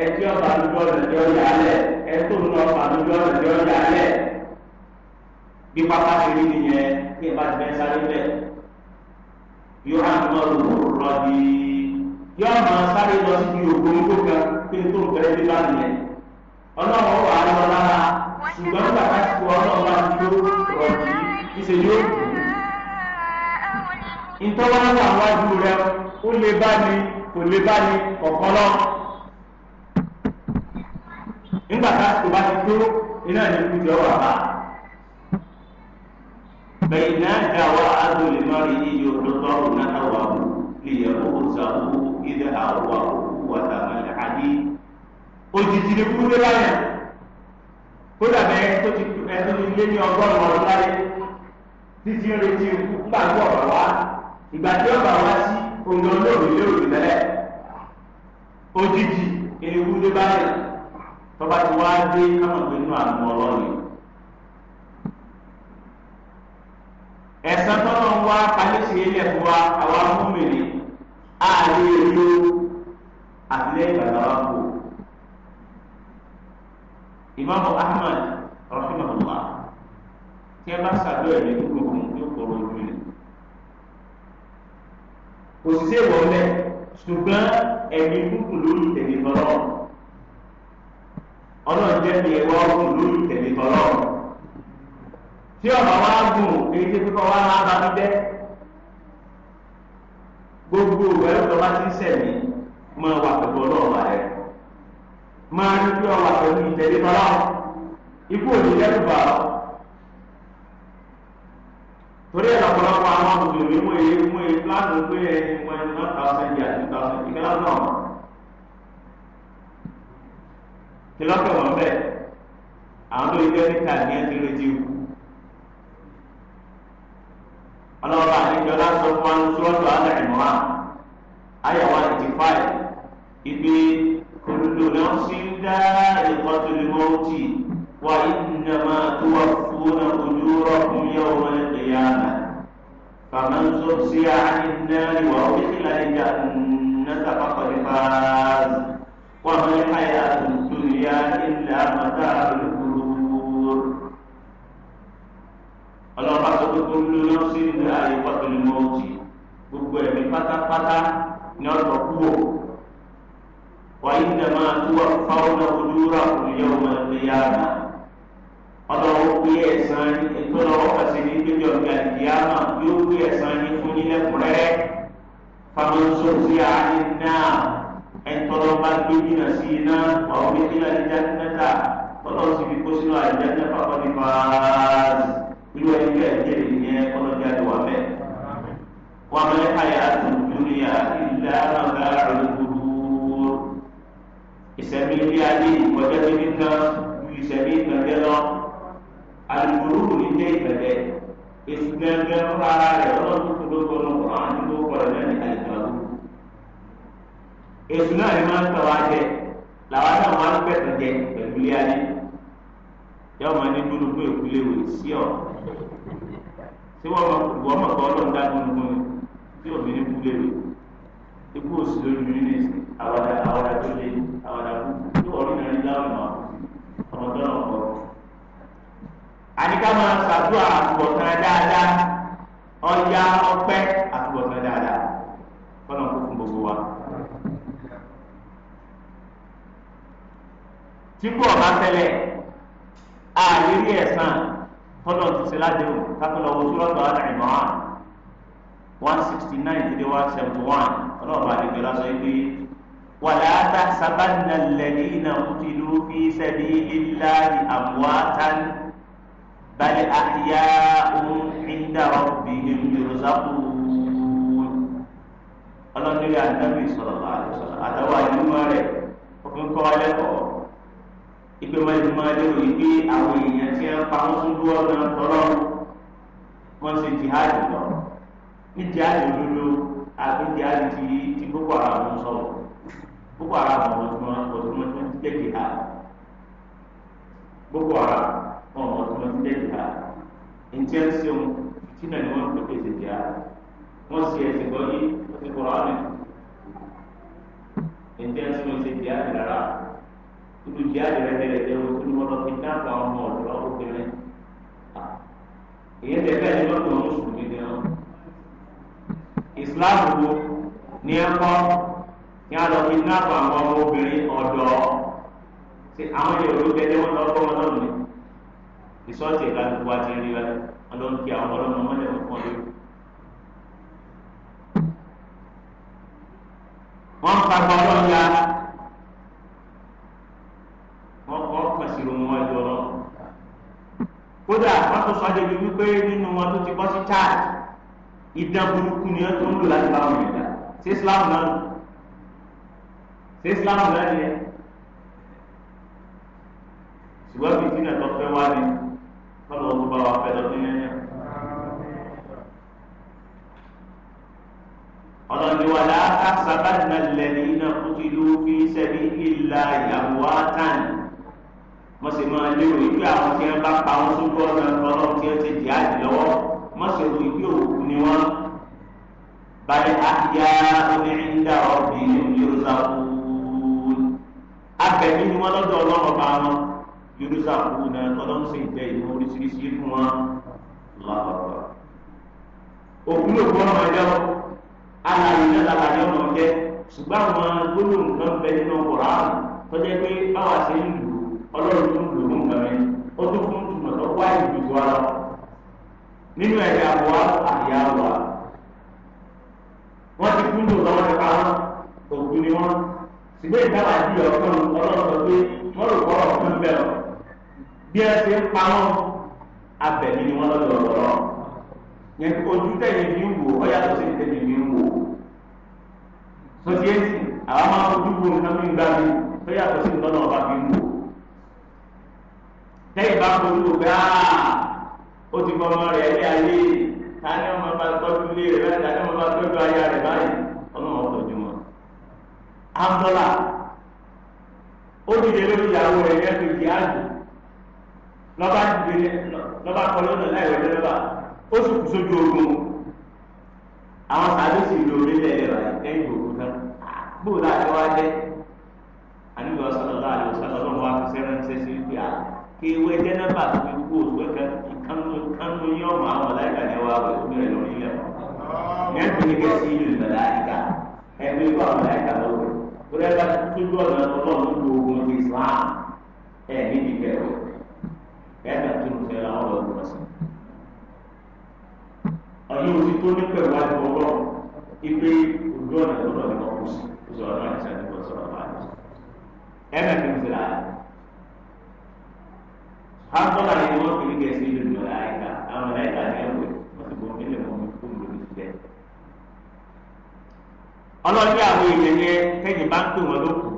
ẹtí ọba àdúgbò ọ̀nà tí ó yà á lẹ̀ ẹtí òun ọba àdúgbò ọ̀nà tí ó yà á lẹ̀ bí pápá ti rí nìyẹn kí ẹ bá ti bẹ́ẹ̀ sáré bẹ́ẹ̀ yóò hàn mọ́ òwúrò rọ́ọ̀dì yóò máa sáré lọ sí ògbó igbó kan pé tó ń bẹ̀rẹ̀ bí bá nìyẹn ọlọ́run wà á lọ lára ṣùgbọ́n a ti kú ọlọ́run láti tó rọ̀jì ìṣe yóò kù ìtọ́wọ́n wà wájú rẹ ó lè bá ní kò lè bá ní kọ̀ọ̀kan náà nígbà tá a ti bá ti tó iná ní kú jọ wà bá bẹ̀yìn náà dá wa ádùn lè má rí iye òdòdó ọ̀rùn náà wà ó lè yẹ kó o sà ó ilé àwọn òkú wà tàbí àdé òjijì ní kúndé láyà ó dàbẹ̀ tó ti lé ní ọgọ́rùn-ún ọdún láyé títí ń retí gbàgbọ́ ọ̀rọ̀ wa ìgbà tí ọ̀rọ̀ wa sí òun lọ́ọ́ lóòrè lóòrè lẹ́lẹ́ òjijì ènìkúndé báyìí tọ́ba ti wá dé káwọn pé nínú àgbo ọlọ́run ẹ̀sán tọ́lọ́ ń wá palẹ́sì ilẹ̀ fún wa àwa múmìnì ààrẹ èlò àtìlẹ́yìn bàbá wa kù Imam Ahmad rahimahullah tí ẹ bá ṣàdó ẹ̀ ní gbogbo fún yóò kọ̀rọ̀ ojú rẹ̀ kò sí sí ìwọlẹ̀ ṣùgbọ́n ẹ̀mí kúkú lórí tẹ̀lé lọ́rọ̀ ọlọ́run jẹ́ mi wá gùn lórí tẹ̀lé tọ́lọ́run tí ọ̀bà wá gùn èyí tí fífọ́ wá máa bá mi jẹ́ gbogbo ìwẹ̀ ọ̀dọ́ bá ti ń sẹ̀mí máa wà pẹ̀lú ọlọ́run rẹ̀ máa rí pé ọwà pẹ̀lú ìtẹ̀lé tọ́lọ́run ikú òní lẹ́rù bà ọ́ torí ẹ̀ lọ́pọ̀lọpọ̀ àwọn mùsùlùmí mú èyí mú èyí pílánù pé ẹni one thousand years two thousand ìkẹ́lá náà. kí lọ́kàn wọn bẹ́ẹ̀ àwọn tó yẹ níta ní ẹni retí wù. ọlọ́ba àdéjọ lásán fún wa ní sọ́ọ̀tù alẹ́ ìmọ̀ra ayẹ̀wò àti fáì ibi kòlùdò náà sí ń dá ìkọ́tù ní mọ́tì wà ìdùnnàmá tó wà fún ojú rọ̀kùn yẹ̀wò ẹ̀yàmà. فمن زحزح عن النار وأدخل الجنة فقد فاز وما الحياة الدنيا إلا متاع الغرور ọlọ́pàá كل نفس ذائقة الموت gbogbo ẹ̀mí pátápátá ni ọ̀dọ̀ kú o wàyí dàmà tuwà fáwọn ojúra òyìnbó máa ń yá àná ọlọ́wọ́ pé ẹ̀sán ètò ọlọ́wọ́ kàṣẹ ní gbẹ́jọ́ ìgbà ìyáàmà yóò pé ẹ̀sán ní fún nílẹ̀kùnrẹ́rẹ́ fáwọn sọ́ọ̀sì àárín náà ẹ̀ńtọ́lọ́ bá gbé jìnnà sí iná ọ̀rọ̀ méjìlá ìjà mẹ́ta tọ́lọ́ sì fi kó sínú àìjá mẹ́fà kọ́ni fàáàzì irú ẹni bẹ́ẹ̀ jẹ́ ìyẹn ọlọ́jà ló wà bẹ́ẹ̀. wọ́n mẹ́lẹ́ káyà tó dúnìyà ìlà náà láàrin gbogbo ìsẹ̀mí ilé ayé ìkọjá ti ní kan ju ìsẹ̀mí ìtànjẹ lọ alùpùpù ní jẹ́ ìtànjẹ ìsìnkẹ́ńkẹ́ rárá rẹ̀ ọlọ́dún tó ló kọ́ ètò náà ni wọ́n ń sọ̀rọ̀ àjẹ làwọn náà wọ́n ń pẹ̀sẹ̀ jẹ pẹ̀lú ilé ayé yọọ ma ní dúró fún ìkúlé wò sí ọ tí wọ́n mọ̀ wọ́n mọ̀ kọ́ ọlọ́run dá dúró fún mi tí òbí ní kúlé wò ikú òsì lórí mi ní ìsìn àwàdà àwàdà tó lé àwàdà kú tí wọ́n rí nàní dáhùn ọmọ tó náà kọ́. àníkà máa ṣàdúrà àbọ̀tán dáadáa ọjà ọpẹ́. tí kú ọ̀bá tẹ́lẹ̀ àìrí ẹ̀sán tọ́lọ̀ ti ṣe ládéhùn kápẹ́lọ̀ owó sọ́lọ́tọ̀ àdàrìmọ́ wa one sixty nine dídé one seventy one ọlọ́ọ̀bá àdìgbò lásán yìí pé wàlá tahsabanna alladhina qutilu fi sabilillahi amwatan bal ahya'un 'inda rabbihim yurzaqun ọlọ́dúnrún àdábì sọ̀rọ̀ àdìsọ̀rọ̀ àtàwọn rẹ̀ òfin kọ́ ẹlẹ́kọ̀ọ́ ìpè mọ́lẹ́mọ́ lérò ìgbé àwọn èèyàn tí wọ́n pa wọ́n fún dúró ọ̀nà tọ́lọ́ wọ́n ṣe jihadi lọ ní jihadi òdodo àbí jihadi ti ti Boko Haram ń sọ̀rọ̀ Boko Haram ọ̀mọ̀ tí wọ́n ọ̀mọ̀ tí wọ́n ti jẹ́ jihadi Boko Haram ọ̀mọ̀ tí wọ́n ti jẹ́ jihadi ntí ń ṣe wọn títí náà ni wọ́n ń pèpè jihadi wọ́n ṣe ẹ̀sìn gbọ́ yí ọ̀sẹ̀ kọ̀ọ̀rọ̀ àmì ń ṣe wọn ṣe jihadi rárá olùjì àdìrẹ́tẹ̀lẹ̀ jẹ́ ohun tí wọ́n lọ fi dáàbò àwọn ọmọ ọ̀dọ́ obìnrin. èyí tẹ̀ bẹ́ẹ̀ ni wọ́n tó mùsùlùmí ni wọn. ìsìláàmù wo ní ẹ̀kọ́ ní a lọ fi dáàbò àwọn ọmọ obìnrin ọ̀dọ́ ṣe àwọn yòó ló jẹ́ wọ́n lọ fọ́n lọ́nà ni. ìsọ́ọ̀tì ìlànà wa ti rí wa ọlọ́run kí àwọn ọlọ́mọ mọ́lẹ̀ wọn fọ́n lórí. wọ́n ń fagbọ́ ọlọ́run ya pé nínú wọn tó ti bọ́ sí chad ìdán burúkú ni wọn tó ń lò láti bá wọn yẹn dá islam náà ṣé islam náà ni ẹ ṣùgbọ́n bíi tí nàìjọ fẹ́ wá ní kọ́nà ọdún bá wa fẹ́ lọ́dún yẹn yẹn. ọlọ́ni wà láàkà sábà nà lẹ́yìn náà kó ti lù fi sẹ́bi ìlà ìyàwó àtàn wọ́n sì máa lérò wípé àwọn tí wọ́n bá pa wọn sójú ọ̀nà ọlọ́run tí wọ́n ti dì á jì lọ́wọ́ wọ́n sì rò wípé òkú ni wọ́n. bàdé àyà oníríńdà ọ̀bì yorùsàkùn abẹ̀mí ni wọ́n lọ́dọ̀ ọlọ́run ọba wọn yorùsàkùn náà ọlọ́run sì jẹ́ ìmọ̀ oríṣiríṣi fún wọn lọ́wọ́. òkú ló kọ́ ọmọ ẹjọ́ alàyè náà làbàdé ọmọ jẹ́ ṣùgbọ́n àwọn gbólóhùn kan bẹ nínú kòrán tó jẹ́ pé báwa ṣe ń lù ọlọ́run tún lò ó nǹkan mi ó tún fún túmọ̀ tó wá ìdìbò ara nínú ẹ̀yà wa àyà wa wọ́n ti kún lò lọ́wọ́ nípa wọn òkú ni wọ́n ṣùgbọ́n ìdáwà di ọ̀kan ọlọ́run sọ pé wọ́n rò kọ́ ọ̀kan bẹ́ẹ̀ lọ bí ẹ ti ń pa wọn abẹ̀mí ni wọ́n lọ́dọ̀ ọ̀rọ̀ yẹn ojú tẹ̀yìn mi ń wò ó yàtọ̀ sí tẹ̀yìn mi ń wò sọ́síẹ́sì àwọn máa fojú wo nǹkan mi gbá mi ó yàtọ̀ sí ìtọ́nà ọba mi ń wò tẹ́yìn bá fojú gbà ah, ó ti mọ ọmọ rẹ̀ ní ayé ta ni ọmọ bá tọ́jú ilé rẹ̀ láti ta ni ọmọ bá tọ́jú ayé rẹ̀ báyìí ọlọ́run tọ́jú wọn. abdullah ó dìde lórí ìyàwó rẹ̀ ní ẹ̀sìn ìyáàdù lọ́ba dìde lọ́ba kọ lọ́nà láìwé lọ́ba ó sì kú sójú ogun àwọn sàdé sì lò nílẹ̀ ẹ̀rọ ẹ̀yìn òkúta gbóòdà àti wájẹ́ àníwọ̀ sọ̀rọ̀ láàrin òṣèlú ọlọ́run wa fi sẹ́rẹ̀ ń sẹ́sẹ́ wípé àná. Ah, kí ewé jẹ́nẹ́bà tó fi kú òṣùwé kan ìkànnú yín ọmọ àwọn ọ̀láìka ni wàá wẹ̀ fún ẹ̀rọ ilẹ̀ wọn. yẹn ti ní kẹ́ sí ìlú ìmọ̀láìka ẹ̀mí kọ́ àwọn ọ̀láìka ló wẹ̀. orí ẹ̀ka tójú ọ̀nà ọlọ́run ló ogun ti Islam ẹ̀mí ti bẹ̀rù ẹ̀ka tó ń fẹ́ àwọn ọlọ́run wọn sí. ọ̀yẹ́ òsì tó ní pẹ̀lú àjọ ọlọ́run ipe ojú ọ̀nà ọlọ́run kọ́ kó sí ó sọ̀rọ̀ náà hátọ́lá ah, ni wọ́n fi gẹ̀ sí ìlú mọ̀láìkà àwọn mọ̀láìkà ni ẹ̀wẹ̀ wọ́n ti bọ̀ nílẹ̀ wọn kó ló ti tẹ̀. ọlọ́dẹ àwọn èèyàn yẹn kẹ́yìn bá ń pè wọ́n lókù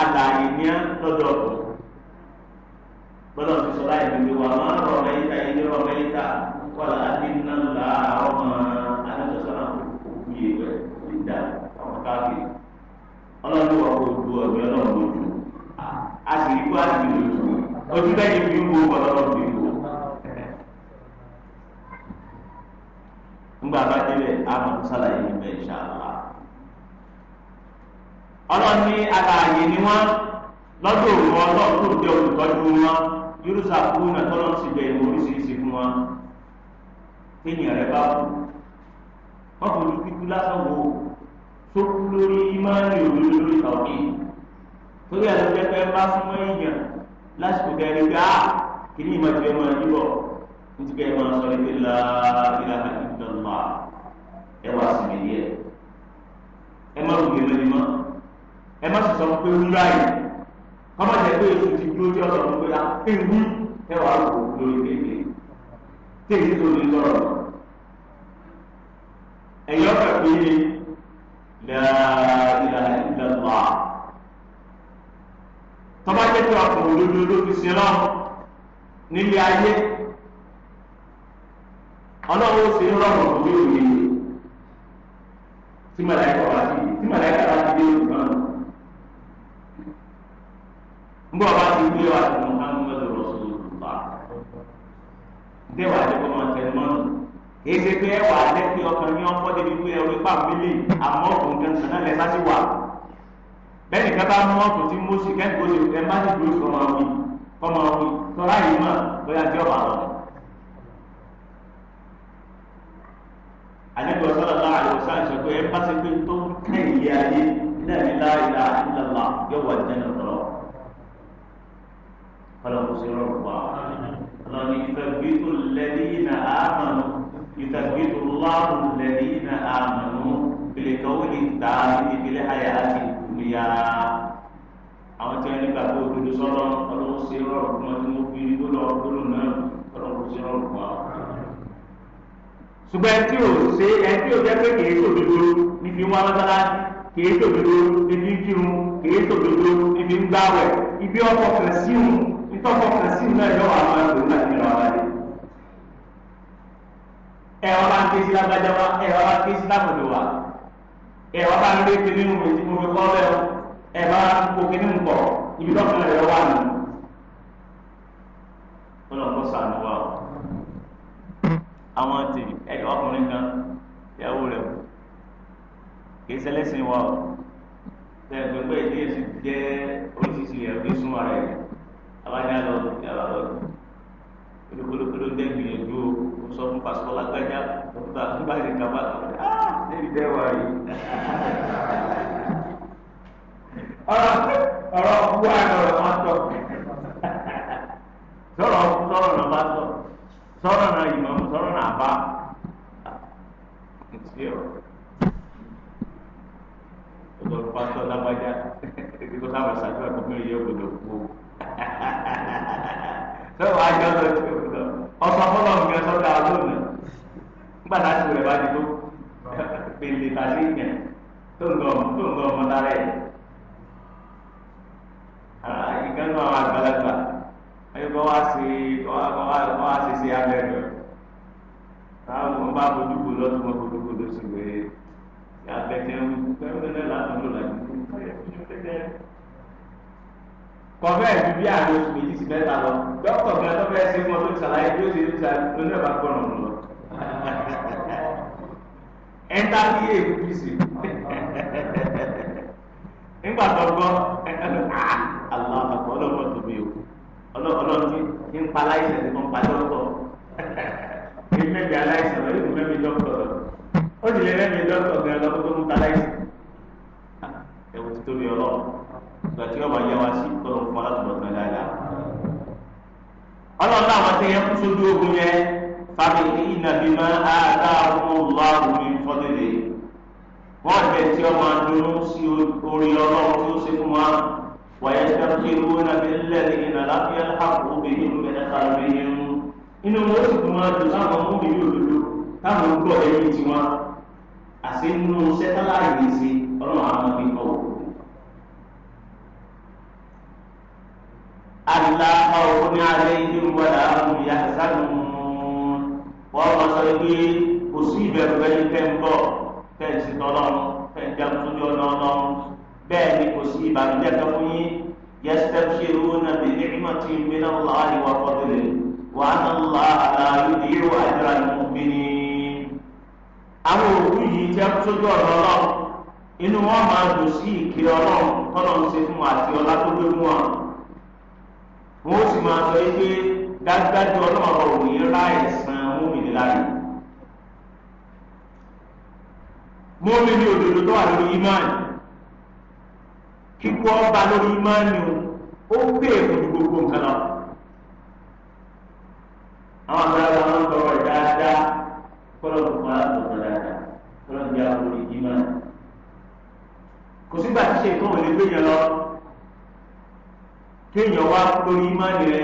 àlàyé ní lọ́dọ̀ ọ̀tọ̀ gbọ́dọ̀ ti sọ láì fi wà máa ń rọ̀ mẹ́yìíta ilé rọ̀ mẹ́yìíta wọ́lá àti nàlá ọmọ alẹ́sọ̀sọ́nà òkú yìí wẹ̀ nígbà ọmọ káàkiri ọlọ́dún wà kó ojú ọ̀gbẹ́ ọlọ́run lójú àṣírí kó àṣírí lójú ojú bẹ́ẹ̀ ni fi ń wo ọlọ́run fi wò. nígbà bá délẹ̀ àmọ̀ sálàyé níbẹ̀ ìṣàlá. ọlọ́run ni wọn yorùsà fún náà tọ́lọ́ ti bẹ̀rẹ̀ oríṣiríṣi fún wọn. kéèyàn rẹ̀ bá pé bá súnmọ́ lásìkò kẹrin gbá kìíní ìmọ̀ tí wọ́n máa yí bọ̀ ní ti kẹ́ ẹ máa sọ ẹgbẹ́ la ìlà ìdánwà ẹ wá sí mi yẹ ẹ má rògbè mẹ́rin mọ́ ẹ má sì sọ pé wúrà yìí kọ́má jẹ́ pé èsì ti dúró tí ọ̀sán pé a ah, pé wú ẹ wà á wò lórí kékeré tí èyí tó lè sọ̀rọ̀ ẹ̀yọ́ fẹ̀ pé ló fi nílé ayé ọlọ́run ó sin lọ́rùn òwe òye tí màláìkà wá sí tí màláìkà wá sí i lórí ìgbọ́n. ngbọ́ bá ti gbé wa sí lẹ́kí ọkọ́ débi pé àmọ́ bẹ́ẹ̀ni ká bá mú ọ̀tún tí mú sí kẹ́ńtì kó ṣe ẹ má ti dúró kọ́ máa wí kọ́ máa wí tọ́lá yìí mọ̀ bóyá tí ọ̀bà lọ. àdébọ̀ sọ́dọ̀ náà àdébọ̀ sáà sọ pé ẹ bá ṣe pé tó kẹ́yìí ayé náà láìla ìlàlá yóò wà nínú ọ̀rọ̀ kọ́lọ̀ kò sí rọrùn wá. ọlọ́ni ìtàgbìtò lẹ́yìn àmàlú ìtàgbìtò láàrú àmàlú bìlẹ̀kọ́wé ní tààrí ìbílẹ̀ àyà àti ya àwọn tí wọn ní gbàgbọ́ òdodo sọ̀rọ̀ ọlọ́run ṣe rọrùn fún wọn mo fi igbó lọ gbólò náà ọlọ́run ṣe rọrùn fún wa. ṣùgbọ́n ẹni tí ò ṣe ẹni tí ò jẹ́ pé kìí ṣòdodo níbi wọn mọ́sálásí kìí ṣòdodo níbi kírun kìí ṣòdodo níbi gbáwẹ̀ ibi ọkọ̀ kan síhùn ìtọ́kọ̀ kan síhùn náà yọ àwọn ẹ̀rọ ń sí wa ń sí wa. ẹ wá bá ń lé kíní nù ètí mo fi kọ́ bẹ́ẹ̀ ẹ bá kó kíní nù pọ̀ ibi lọ́kàn rẹ̀ wà nù. wọ́n lọ kó sànù wa o àwọn ti ẹ ọkùnrin kan yàwó rẹ̀ kù kìí ṣẹlẹ́sìn wa o tẹ pẹpẹ ìdí èsì jẹ oríṣiríṣi ẹgbẹ́ súnmọ́ rẹ̀ abájá lọ yàrá lọ kólókólókóló dẹgbìyànjú o sọ fún pásítọ̀ lágbájá nígbà tí kaba ah. Ele deu aí. sí ìkiri ọlọ́run tọ́lọ̀ ń ṣe fún wa àti ọlá tó gbé fún wa. Wọ́n sì máa sọ yí pé dájúdájú ọlọ́run ọ̀rọ̀ òní rá ẹ̀sán mómìnì láàyè. Mómìnì òdòdó tó wà lórí imáàni. Kíkọ́ ọba lórí imáàni o, ó gbé èkó ju gbogbo nǹkan lọ. Àwọn àgbàlagbà máa ń tọrọ ìdáadáa kọ́lọ̀ tó máa ń tọrọ dáadáa kọ́lọ̀ ń jẹ́ àpò ìdí kò sígbà tí ṣe nǹkan ò lè gbéyàn lọ kéèyàn wá lórí ìmánì rẹ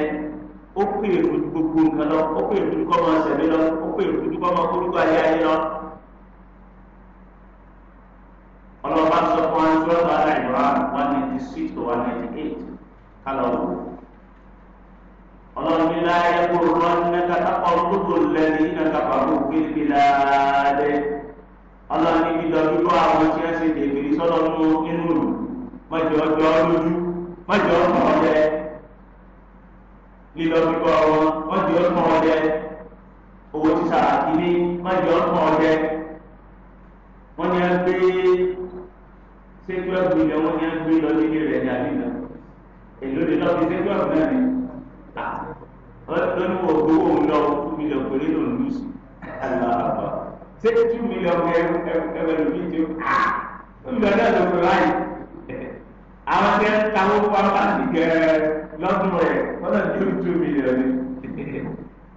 ó pè é fojú gbogbo nǹkan lọ ó pè é fojú kọ́ máa sẹ̀mí lọ ó pè é fojú kọ́ máa kórúkọ ayé ayé lọ. ọlọ́ba sọ fún wa ní ọ̀dọ̀ aláìlọ́ra one ninety six to one ninety eight kálọ̀ wò. ọlọ́run ní láyé kó rán nígbà tápọ̀ lóko lẹ́ni nígbà kàfà kó gbé gbé láàdẹ́ ọlọ́run ní bí dọ́bí kọ́ àwọn tí wọ́n ṣe dè tọ́lọ́ tó nínú rù má jẹ ọjọ́ lójú má jẹ ọkàn ọdẹ lílọ bíbọ wọn má jẹ ọkàn ọdẹ owó títà ilé má jẹ ọkàn ọdẹ wọn ni a gbé sẹ́tú ẹ̀gbìn lọ wọn ni a gbé lọ nílé rẹ̀ ní àdínà èlò lè lọ fi sẹ́tú ẹ̀gbìn náà ni lọ́nà ògbó òun lọ two million péré ló ń lù sí aláàbà ṣé two million ẹ̀wẹ̀ lómi ti ó. ńbẹ̀rẹ̀ lóko láyé àwọn tẹ́ táwọn fún apáàtì gẹ lọ́dún rẹ̀ wọ́n náà tó tó mílíọ̀nù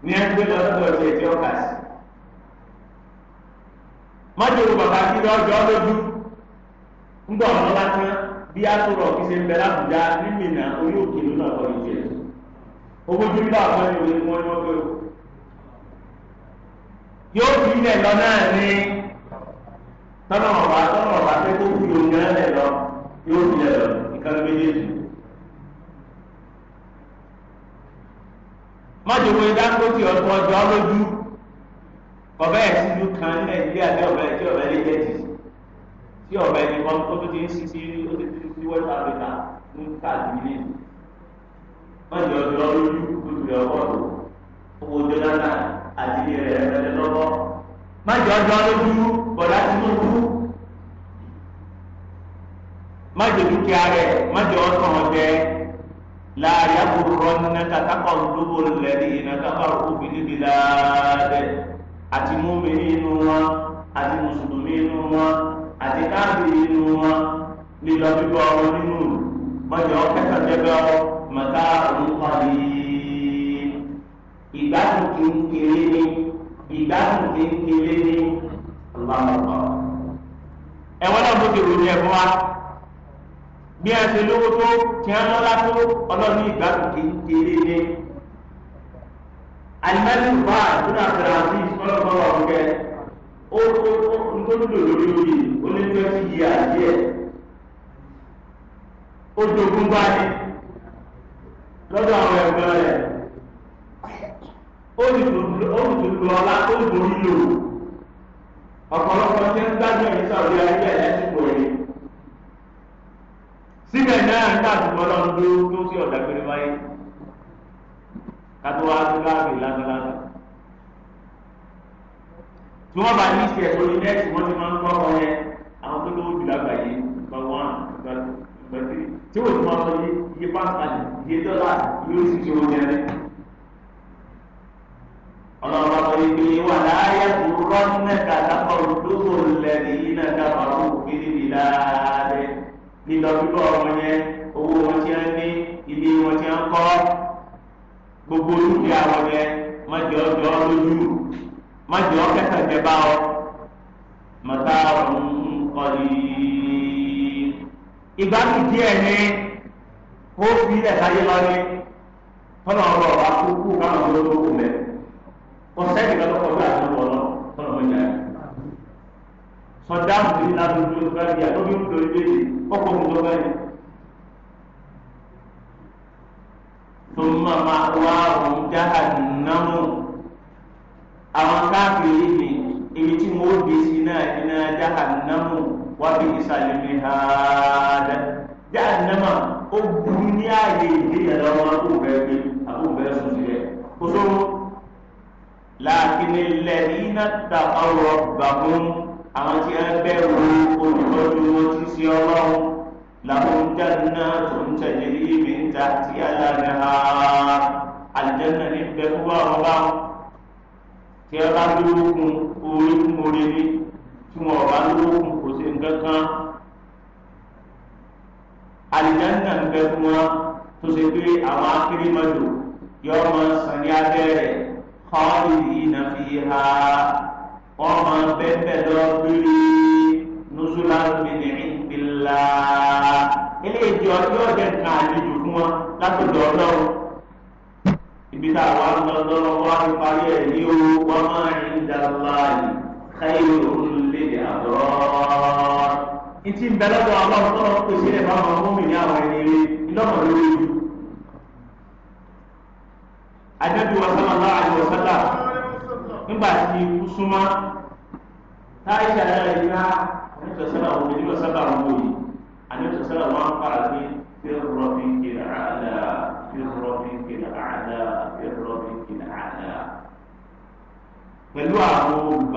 ní ẹgbẹ́ lọ́dún ọ̀sẹ̀ tí ó kà sí. mọ́jọ́rò bàbá kí lọ́jọ́ lójú bí a tó ṣe ń bẹ lábùjá orí òkè ló náà owó bá wọn gbé tọ́nà ọ̀bà tọ́nà ọ̀bà tẹ́ kó fi oúnjẹ lẹ̀ lọ yóò fi lẹ̀ lọ ìkànnì méjèèjì. májèwé Dangote ọtún ọjọ́ lójú ọbẹ̀ ẹ̀sìnú kan nílẹ̀ ilé àti ọbẹ̀ tí ọbẹ̀ lè jẹ́ ti tí ọbẹ̀ ní wọn tó tó ti ń sisi ó ti ti ti west Africa ń ta ìdílé májèwé ọjọ́ lójú lójú ọkọ̀ tó owó Jonathan àti ilé rẹ̀ ẹ̀rẹ́ lọ́wọ́ májèwé ọjọ́ lójú bọ̀dá Tinubu má jẹ dúkìá rẹ̀ má jẹ ọ̀sán ọ̀jẹ̀ láàrin àbúrò ní kàtàkọ̀ ńdúgbò lẹ́rìí iná kábàrò òbílí bìlá rẹ̀ àti múmi nínú wọn àti mùsùlùmí nínú wọn àti káàbì nínú wọn lílọ bíbọ ọrọ nínú má jẹ ọkẹta jẹbẹ ọ màtá òǹkọ yìí ìgbádùn kékeré ni ìgbádùn kékeré ni. ẹ̀wọ́n náà tó ti ròyìn ẹ̀fọ́ wa bí a ṣe lówó tó tí a lọ́lá tó ìgbà tó ní. alimẹ́lì bá àdúrà àti ìfọlọ́fọlọ́ ọ̀gẹ́ ó ó ó lórí oyè ó ti yí ó lọ́dọ̀ àwọn ẹ̀gbọ́n rẹ̀ ó ó ọ̀pọ̀lọpọ̀ tí ń gbádùn ní sọ̀rọ̀ ayé ẹ̀lẹ́sìnkò èrè síbẹ̀ náà ń tàbí ọlọ́run tó tó sí ọ̀dà péré wáyé kátó wá sí láàbì lásánlásán tí wọ́n bá ní ìṣẹ̀ tó ní nẹ́ẹ̀sì wọ́n ti máa ń kọ́ ọ yẹn àwọn tó lówó jù lágbàáyé gba wọn gba tí wọ́n ti máa sọ yé iye pásítà iye dọ́là iye oṣù tí wọ́n yẹn ọlọ́run sọ ibi wà láyé kúrọ́ nẹ́ka dákọ̀rọ̀ dúró lẹ́ni iná dábàrú òkèlè nílá rẹ̀ nílọ bíbọ̀ ọmọ yẹn owó wọn ti ń ní ilé wọn ti ń kọ́ gbogbo olùkẹ́ àwọn yẹn mọ̀jọ́ jọ́ lójú mọ̀jọ́ kẹsàn-án ọ mọ̀tá ọ̀hún kọ́lí. ìgbà mi díẹ̀ ni ó fi ilẹ̀ sáyé lọ ní tọ́lọ̀ ọ̀rọ̀ wa kúkú káwọn olóko mẹ́rin ọ̀sẹ̀ nìkan lọ́kọ̀ bí àdúgbò ọ̀nà ọ̀nà ọ̀jà yẹn. sọdáàmù ní ládùúgbò tó bá di àdóbi ń lò ilé yìí ọkọ̀ mi lọ́wọ́ yìí. tó máa ma wá òun jáhà námú àwọn ni èyí tí mo dé sí náà iná jáhà námú wá bí ìsàlẹ̀ mi hàdá jáhà námà ó burú ní ààyè ìdíyẹ̀ lọ́wọ́ àbúrò bẹ́ẹ̀ gbé àbúrò bẹ́ẹ̀ sùn sílẹ̀ kò sóró láàkínní lẹ́ni iná tàpá rọ̀gbà fún àwọn tí wọ́n bẹ̀rù olùtọ́jú wọn ti ṣe ọlọ́run làwọn jáde náà tó ń tẹ̀lé ibi ń ta tí alága ha àlùjẹ́nà ní bẹ́ẹ̀ fún tí wọ́n bá lóògùn orí fún ní tí wọ́n bá lóògùn kò sí nǹkan kan àlùjẹ́nà ń bẹ́ẹ̀ tó ṣe pé àwọn akérèmọdò yọ ọmọ sàn ní abẹ́rẹ́ khalidina fiha wọ́n máa ń bẹ́ẹ̀ lọ péré nùsùlá mìíní ìpìlá eléyìí ọjọ́ ọ̀jẹ̀ kan àlejò fún wọn látọ̀dọ̀ ọlọ́run ibi tá a wà ń lọ lọ́wọ́ wá ní parí ẹ̀ ní o wọ́n máa ń rìn dàláyé káyọ̀ olùlédè àbúrò. ìtì ń bẹ lọ́dọ̀ àwọn ọlọ́run tó lọ pèsè ẹ̀ bá wọn mú mi ní àwọn ẹni rẹ̀ ìlọ́mọ̀ lórí ìlú. Ànábì sallallahu alaihi wasallam nígbà tí ikú súnmọ́ táyì ṣàlàyé rẹ̀ ah, yá Ànábì sallallahu òun ní ọ̀sán àwọn ọmọ yìí Ànábì sallallahu wọn fara pé fẹ́rọ̀ fi ń kiri àdá fẹ́rọ̀ fi ń kiri àdá fẹ́rọ̀ fi ń tí wọ́n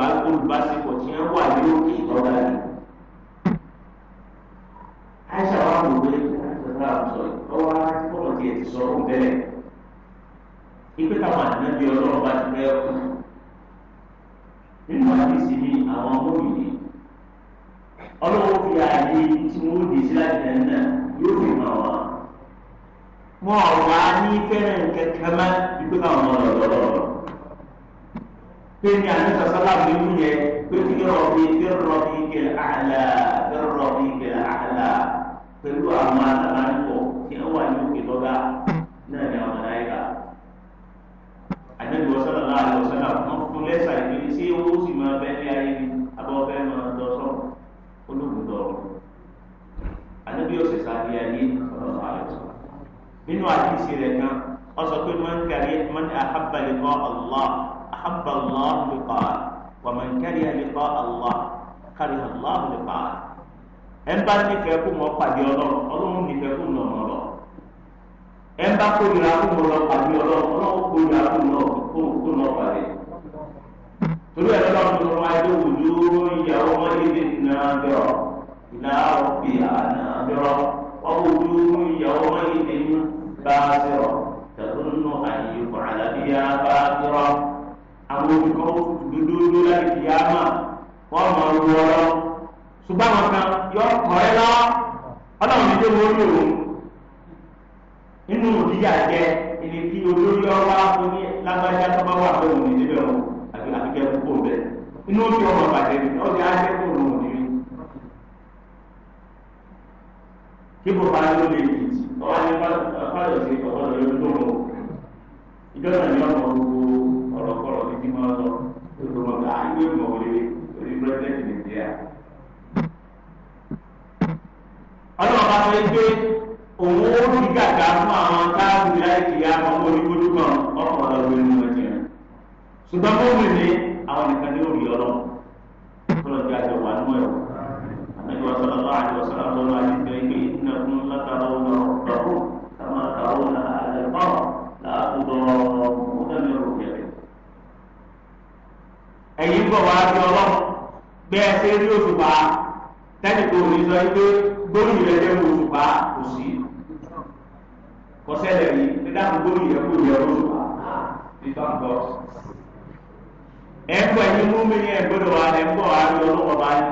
wà ní òkè ìtọ́jà rẹ̀. Àìsàn wa kò gbé àtàkùn sọ̀rọ̀ ọwọ́ àti bọ́ọ̀lù tiẹ̀ ti sọ̀rọ̀ bẹ́ẹ̀ ipe táwọn ànábi ọlọ́run bá ti fẹ́ kú nínú àdìsí ni àwọn gómìnà ọlọ́run fi ààyè tí wọ́n dì sí láti ẹ̀ náà yóò fi mọ̀ wọ́n. wọn ò wá ní fẹ́rẹ̀ kẹ̀kẹ́ mọ́ ipe táwọn ọlọ́run lọ́rọ̀ pé ní àná sọ́sọ́lá mi mú yẹ pé kí lọ́rọ̀ fi bẹ́rọ̀ fi kẹ̀ àlà bẹ́rọ̀ fi kẹ̀ àlà pẹ̀lú àwọn àtàlà ń bọ̀ kí wọ́n wà ní òkè lọ́gà. أحب لقاء الله أحب الله لقاء، ومن كره لقاء الله كره الله لقاءه ẹnba nífẹ̀ẹ́ kó mọ̀ pàdé ọlọ́run ọlọ́run nífẹ̀ẹ́ kó nà ọ̀nà lọ ẹnba kórìíra kó mọ̀ lọ pàdé ọlọ́run ọlọ́run kórìíra kó nà kó nà pàdé torí ẹ̀rọ náà tó wá ẹjọ́ wùdú ìyàwó ọmọdébí nàbẹ̀rọ ìnáwó bíi ànàbẹ̀rọ wọ́n wùdú ìyàwó ọmọdébí bá a fi hàn bá tọrọ àwọn olùkọ́ dúdúdú láti fi hàn mà wọ́n mọ̀ ọ́ lu ọ̀rọ̀ ṣùgbọ́n àwọn kan yọ ọ̀rẹ́ lọ ọlọ́run ti dé wọlé òun nínú òdìyà jẹ èdè tí olórí ọba fún ní lágbájá tó bá wà lóhùn ní níbẹ̀ wọn àti àfikẹ́ púpọ̀ bẹ́ẹ̀ inú ti ọmọ bàjẹ́ ni ọ̀dẹ̀ ajẹ́ kò lóhùn níbi. kí bùbá ló lè jì ọ́ ní fáyọ̀sì ọ̀pọ̀lọpọ̀ ló lóhùn. ìjọ náà kan mau ọmọ kalau ọ̀rọ̀kọ̀rọ̀ ní kí máa sọ ìṣòro ọ̀gá ìwé ìmọ̀ òye dia. pírẹ́sẹ̀ntì nàìjíríà. ọlọ́run bá fẹ́ gbé òun ó ní gàgà fún àwọn táàbù láìsí àwọn ọmọ onígbódú kan ọkọ̀ ọ̀dọ̀ ìlú nàìjíríà ṣùgbọ́n mo wù ní àwọn nìkan ní òrì bọ̀ wá sí ọlọ́run bẹ́ ẹ ṣe rí òṣùpá tẹ́lẹ̀ tó ní sọ pé gbóyè rẹ jẹ́ òṣùpá kò sí kọsẹ́lẹ̀ rí pé dáhùn gbóyè rẹ kò yẹ òṣùpá nígbà gbọ́. ẹ pọ̀ ẹ̀yin mú mi ní ẹ̀gbọ́dọ̀ wa ẹ̀ ń bọ̀ wá ọlọ́wọ́ bá yín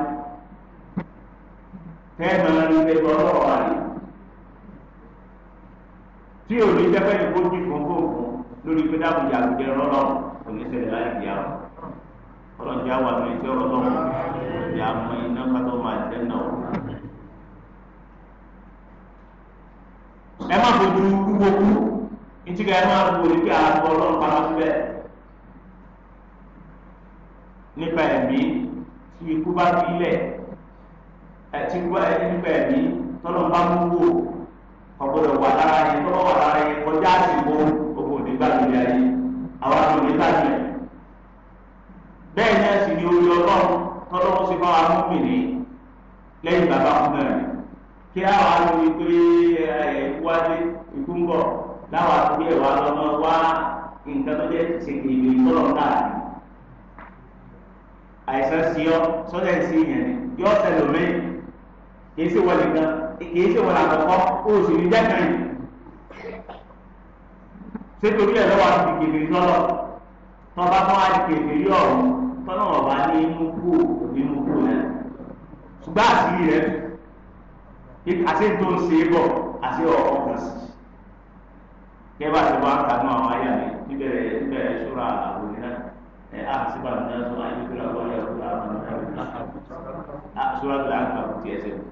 tẹ́ẹ̀mọ̀ ní ẹgbẹ́ ọlọ́wọ́ wa rí tí òní jẹ́ fẹ́ẹ́ ní kó jí fún fún lórí pé dáhùn yàgùjẹ́ rọ́lọ́ òní ṣẹlẹ̀ láì ọlọ́run ti àwọn àgbẹ̀ ìgbẹ́ ọlọ́run ti àmọ́ iná kátó máa jẹ́ náà. ẹ má fojú kúkúkú ìtìkà ẹ máa wò ní pé àgbọ̀ ọlọ́run pa lọ́sí bẹ́ẹ̀ nípa ẹ̀mí tí ikú bá fi lẹ̀ ẹ̀ tí ikú bá ẹ̀ nípa ẹ̀mí tọ́lọ́ bá mú wò ọ̀gbọ́dọ̀ wà lára yẹn tọ́lọ́ wà lára yẹn kọjá àsìkò òkò nígbà ayé àwọn àgbẹ̀ nígbà mọ́bìnrin lẹ́yìn bàbá fún bẹ́ẹ̀ kí àwọn alóyún pé ẹ̀kú wájú ikú ń bọ̀ láwọn àti ẹ̀ wá lọ́mọ wá nǹkan tó jẹ́ ṣègbè ìlú ìtọ́lọ̀ káàkiri àìsàn sí ọ sọ́jà ìsìn yẹn ni yọ ọ̀sẹ̀ lómi kìí ṣe wọlé gan kìí ṣe wọlé àkọ́kọ́ ó sì ní jẹ́kàn yìí ṣé torí ẹ̀ lọ́wọ́ àti kèfèrí lọ́lọ́ tó bá tó wá di kèfèrí ọ̀hún tọ́nà ọ̀bá ní mú kú òbí mú kú náà ṣùgbọ́n àṣírí rẹ̀ àṣẹ tó ń ṣe é bọ̀ àṣẹ ọ̀pọ̀ kan sí i kẹ́bà tó bá ń kanú àwọn ayé mi níbẹ̀rẹ̀ níbẹ̀rẹ̀ ṣúra àwọn náà ẹ̀ á sì bá nínú ẹ̀sùn ayé tó lọ́wọ́ ẹ̀ ọ̀rọ̀ àwọn ọ̀rọ̀ náà ṣúra tó láǹkà kò tiẹ̀ sẹ́nu.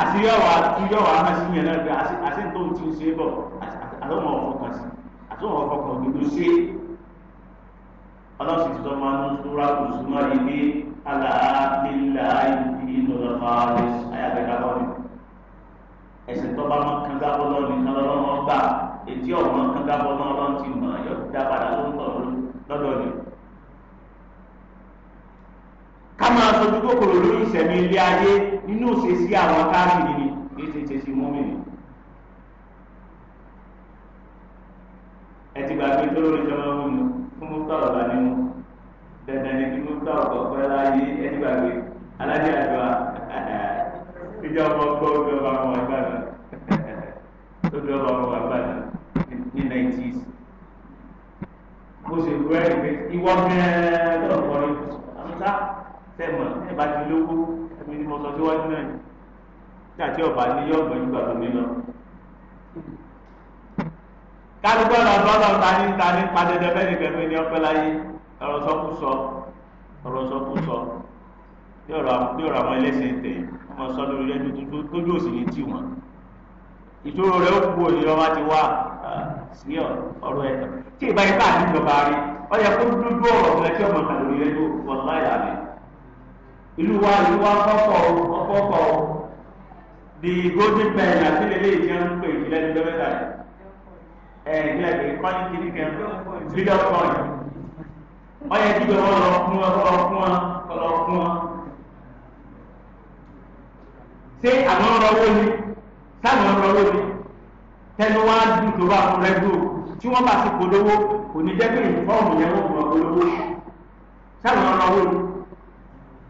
àṣeyọ̀wà àṣeyọ̀wà amásí yẹn náà gbé àṣẹ tó ń ṣe é bọ̀ àtọ́wọ̀n ọ̀fọ̀kàn sí àtọ́wọ̀n ọ̀fọ̀kàn òdodo ṣe é ọlọ́sìn tó máa ń túra kù súnmọ́ ibi aláàbílà ìdílé lọ́lọ́fà ayábẹ́ká lọ́nà ẹ̀sìn tó bá máa ń kán dábọ̀ lọ́nà nìkan lọ́wọ́ gbà ètí ọ̀mọ́ kán dábọ̀ náà lọ́n ti mọ̀ yọ dá padà ló ń tọ̀ lọ́dọ̀ ni. ká máa sojú kòkòrò lórí ìṣẹ̀mí ilé ayé nínú òṣèṣì àwọn káàkiri ni kì í ṣe ṣe sí mọ́mìnì. ẹ ti gbàgbé tó lórí ìjọba wọn mú un fún mọ́tò ọ̀rọ̀ bá nínú dandan ni kí mọ́tò ọ̀rọ̀ kọ̀ pẹ́ láyé ẹni gbàgbé alájẹ àdúrà ìjọ ọmọ gbọ́ ojú ọba ọmọ ẹgbà náà ojú ọba ọmọ ẹgbà náà ní nineties mo sì rú ẹ̀rí pé ìwọ mẹ́ẹ̀ẹ́ lọ́ọ̀ kọrin àmúta tẹ̀mọ̀ ẹ̀ bá ti lówó ẹ̀mí ni mo sọ síwájú náà ní àti ọ̀bà ni yọ̀ọ̀gbọ̀n ìgbà tó ní náà kálukú ọ̀nà ọ̀dọ́ tani tani padẹ́dẹ́ bẹ́ẹ̀ni kẹfẹ́ ni ọ̀pẹ́ láyé ọ̀rọ̀ sọ́kù sọ ọ̀rọ̀ sọ́kù sọ yóò rà wọn ẹlẹ́sìn tẹ̀ ọmọ sọ lórí rẹ tójú òsì ní tì wọn ìṣòro rẹ ó kú òní lọ́wọ́ ti wá sí ọ̀rọ̀ ẹ̀tọ́ tí ìbá ipá àti ìjọba rí ọ yẹ kó dúdú ọ̀rọ̀ ọ̀gbìn tí ọmọ kan lórí rẹ tó wọ́n láyà rẹ̀ ìlú wa ìlú wa kọ́kọ́ ọkọ́kọ́ the golden pen àti lélẹ́yìn tí wọ́n ń pè ìlẹ́nu yìí. onye pé kọ́ni kìíní kan bílíọ̀ kọ́ni wọ́n yẹ kí wọ́n lọ fún wọn lọ wọn bá ti polówó kò ní yẹn wọ́n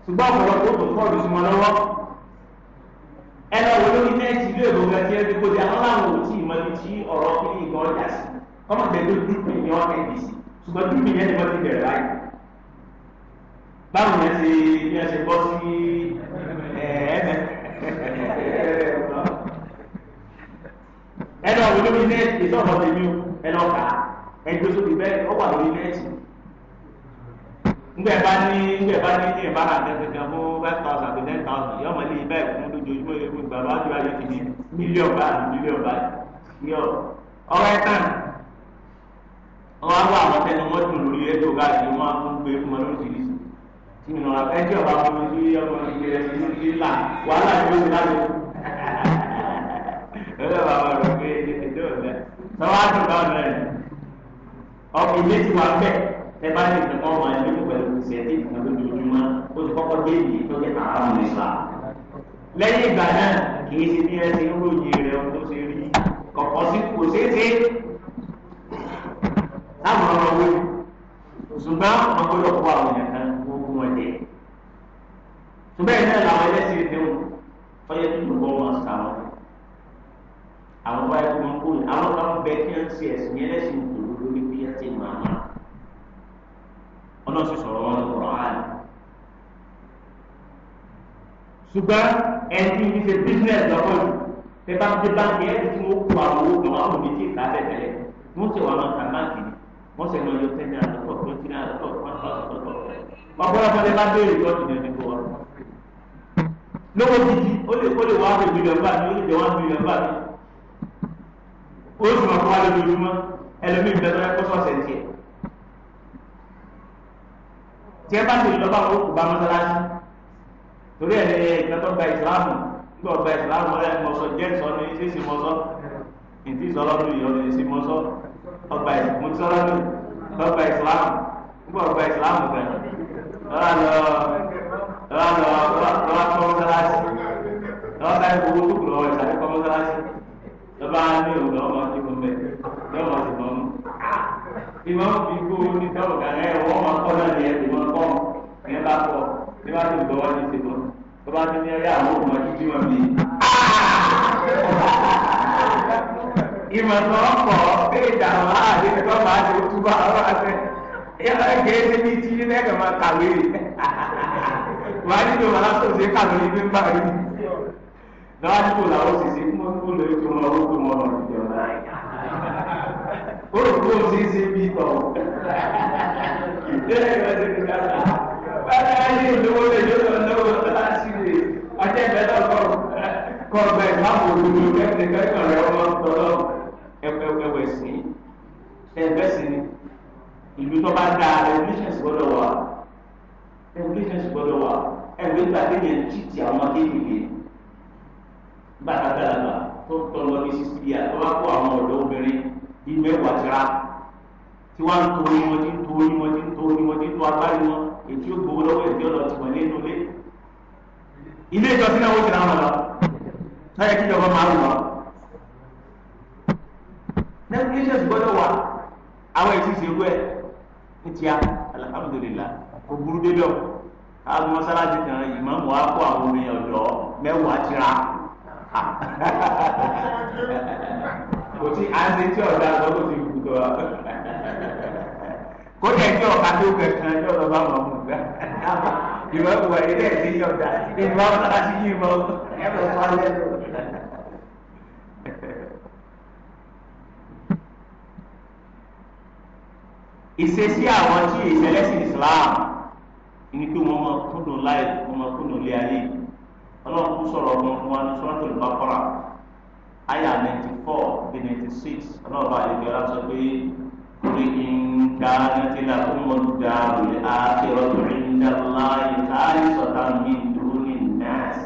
fún polówó ẹ lọ wọ lórí nẹ́ẹ̀tì ilé ìlú rẹ tí ẹ ti kọjá wọn làwọn ò tí ì mọ ibi tí ọ̀rọ̀ kíní ìgbà ọjà sí kọ́mọ̀ tẹ̀ tó dúpù ní ọ̀nà ìdí sí ṣùgbọ́n dúpù yẹn ni wọ́n ti bẹ̀rẹ̀ láyé. báwo ni ẹ ṣe bí ẹ ṣe bọ́ sí ẹ lọ wọ lórí nẹ́ẹ̀tì ìtọ́nà tèmi ẹ lọ kà á ẹ gbé sókè bẹ́ẹ̀ ọ wà lórí nẹ́ẹ̀tì ngbẹ bá ní ngbẹ bá ní ní ìbára àtẹsẹ kan fún five thousand to ten thousand yọọ mọlẹ ibà ìkún lójoojúmọ́ ìlú ìgbà bá wájú ayé ti ní mílíọ̀n báyìí mílíọ̀n báyìí yọ ọ̀rọ̀ ẹ tán wọn á wá àwọn tẹnu mọ́tò lórí ètò káàkiri wọn á tún gbé fún ọ lóríṣiríṣi tí mi nọra ẹ jẹ ọba fún mi sí ọmọ ìgbẹ ìlú ìlà wàhálà ìlú ìlà ló ẹ bàbá rẹ pé ẹjọ́ rẹ sọ wá tó bá rẹ ọkùnrin méjì wà bẹ́ẹ̀ ẹ bá ní ìtẹ̀kọ́ ọmọ ẹ nínú pẹ̀lú ìṣẹ́ tí ìtàn lójoojúmọ́ ó ti kọ́kọ́ dé ìdí tó jẹ́ àárọ̀ nípa. lẹ́yìn ìgbà náà kì í ṣe bí ẹ ṣe ń ròyìn rẹ ohun tó ṣe rí kọ̀kọ́ sí kò ṣeé ṣe láwọn ṣùgbọ́n ọmọ ṣùgbọ́n ẹni tí ṣe business lọ́wọ́ yìí pé bá ń dé báńkì ẹni tí wọ́n kó àwọn owó kan àwọn méjì ká bẹ̀rẹ̀ wọ́n ṣe wọn kà báńkì ni wọ́n ṣe lọ́yọ̀ ten naira lọ́tọ̀ twenty naira lọ́tọ̀ one thousand lọ́tọ̀ ọ̀pọ̀lọpọ̀ lè bá béèrè lọ́tọ̀ ní ẹni kó wọn. lówó gidi ó lè ó lè wá one million bá mi ó lè jẹ one million bá wá lójoojúmọ́ ẹlòmíì bẹ́ẹ̀ lọ́yẹ bá ti lọ́ bá wọn kó bá mọ́sálásí torí ẹ̀ ní ìkẹtọ́ gba ìsìlámù nígbà ọgbà ìsìlámù ọ̀rẹ́ mọ̀sọ̀ jẹ́ sọ ní sísì mọ̀sọ́ ìdí ìsọlọ́dún yìí ọ̀rẹ́ sí mọ̀sọ́ ọgbà ìsìlámù ìsọlọ́dún ọgbà ìsìlámù nígbà ọgbà ìsìlámù gẹ̀ ọ̀rẹ́ lọ ọ̀rẹ́ lọ ọ̀rẹ́ kọ́ mọ́sálásí ọ̀rẹ́ ká ìfowó tó kù lọ́wọ́ ìsàlẹ̀ kọ́ mọ́sálásí lọ́ba ní òun lọ́wọ́ ti kún bẹ́ẹ̀ lọ́wọ́ ti mọ́mú ìmọ̀ fi kó ní bí wọ́n ti gbọ́ wọ́n ti ṣe bọ́ tó bá ti ní ẹ̀rí àwọn ọmọ ọdún bí wọ́n bí. ìmọ̀tọ́ ọkọ̀ bẹ́ẹ̀ dàrú àti ẹ̀kọ́ máa ti túbọ̀ ọ̀rọ̀ àti ẹ̀kọ́ ẹ̀kẹ́ ní ti ní ẹ̀kọ́ máa kàwé wàá nílò wàá tó ṣe kàwé ní pípa rí lọ́wọ́ àti kò làwọn sì ṣe kí wọ́n tó lè tó wọn owó tó wọn lọ sí ọ̀la ó rò pé ó ṣe é ṣe bí tọ̀ ọ́ láti ayé olówó rẹ̀ yóò lọ lọ́wọ́ láti rè ọjọ́ ìbẹ́ náà kọ́ kọ́ ọgbẹ́ ìbáwò òdodo kẹ́kẹ́ kẹ́kẹ́ rẹ̀ ọmọ tọ́lọ́ ẹwẹ́ sí ẹgbẹ́ sí ni ìlú tó bá da regulations gbọ́dọ̀ wà regulations gbọ́dọ̀ wà ẹgbẹ́ gba kéèyàn jìtì àwọn kéèkéèké gbàtà gbàlagbà tó tọ́ lọ bí sísí bíi àtọ́wá kó àwọn ọ̀dọ́ obìnrin bíi mẹ́wàá tíra tí wọ́n ń torí wọn ti ń torí jẹ́ kí ìjọba máa wù wá. negotiations gbọ́dọ̀ wà àwọn èsì ìṣerú ẹ̀ ní tíá alhamdulillah kò burú débẹ̀ o káàdùn mọ́sálásí kan ìmáàmù wa kó àwọn omi ọ̀dọ́ mẹ́wàá tira kò tí a ń ṣe tí ọ̀dà lọ́wọ́ ti kú tó wa kó jẹ́ tí ọ̀ka tó kankan tí ọ̀dọ̀ bá wọ̀ mú gbà ìwé ìwé ilé ẹ̀sìn ìwé mọ́sálásí yìí mọ́ ẹ̀rọ fún alẹ́ lọ. ìṣesí àwọn tí ìṣẹlẹsìn Islam ní pé wọn máa kúndùn láì wọn máa kúndùn lé ayé Ọlọ́run tún sọ̀rọ̀ ọmọ fún wa ní Suratul Baqara àyà ninety four bí ninety six Ọlọ́run bá yẹ kí Ọlọ́run sọ pé kúrì ìǹkanàtì làkúmọ̀ dàrú àkèrọ̀tò ìǹdàlá ìtàlí sọ̀tà mi dúró ní nẹ́ẹ̀sì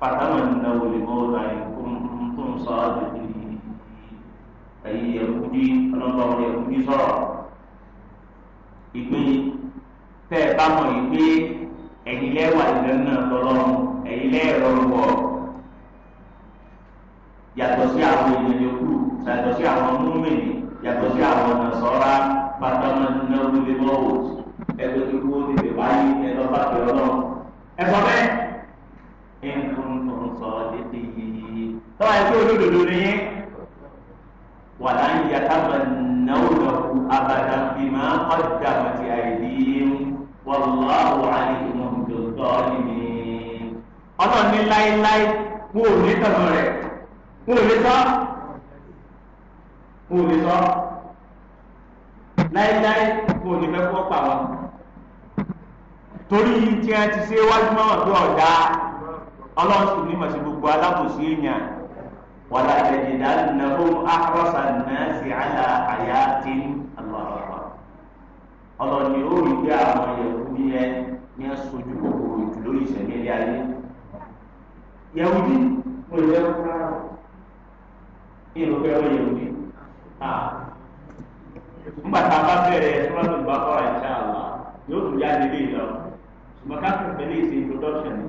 fàtàmà nìdáwó lè mọ́ ọ̀tà ìkúntùn sọ̀rọ̀ àti ẹ̀yìn ẹ̀kúndí Ọlọ́run bá wọlé ẹ̀kúndí sọ̀rọ̀ ìpè tẹ́ ẹ bá mọ̀ yìí pé ẹ̀yin lẹ́wà ìdáná náà lọ́lọ́run ẹ̀yin lẹ́ẹ̀rọ̀rùn wọ̀ yàtọ̀ sí àwọn ènìyàn yòókù yàtọ̀ sí àwọn múmìnì yàtọ̀ sí àwọn nàṣọ́ra pàtàkì náà wílé lọ́wọ́ ẹgbẹ́ tó kú ó ti lè wáyé ẹ̀dọ́ bá pè ọ́ ẹ sọ bẹ́ẹ̀ ẹ̀ ń tún tún sọ ọ́ dédé yìí tọ́wọ́ ẹ tó olódodo nìyẹn. ولا يتمنونه أبدا بما قدمت أيديهم والله عليم بالظالمين ọlọ́run ní láéláé mo ò ní tọ̀nà rẹ̀ mo ò lè sọ mo ò lè sọ láéláé mo ò ní fẹ́ kọ́ pa torí tí a ti ṣe wájú mọ́ ọ̀dọ́ ọ̀dá ọlọ́run sì ní màṣẹ gbogbo alábòsí èèyàn wàlá àtẹ̀jìdá nàhùn àkọ́sà náà sì àlà àyà tí àlọ́ọ̀rọ̀ ọlọ́ni ó rí pé àwọn yẹ̀wù yẹn ní aṣojú kòkòrò jù lórí ìṣẹ̀lẹ̀ ilé ayé yẹ̀wù bí mo yẹ kó rárá ní ìlú pé ó yẹ̀wù bí nígbà tá a bá bẹ̀rẹ̀ sọ́dọ̀ tó bá kọ́ àìsàn àlá yóò tún yá nílé ìlọ ṣùgbọ́n ká tún fẹ́lẹ́ ìṣe introduction ni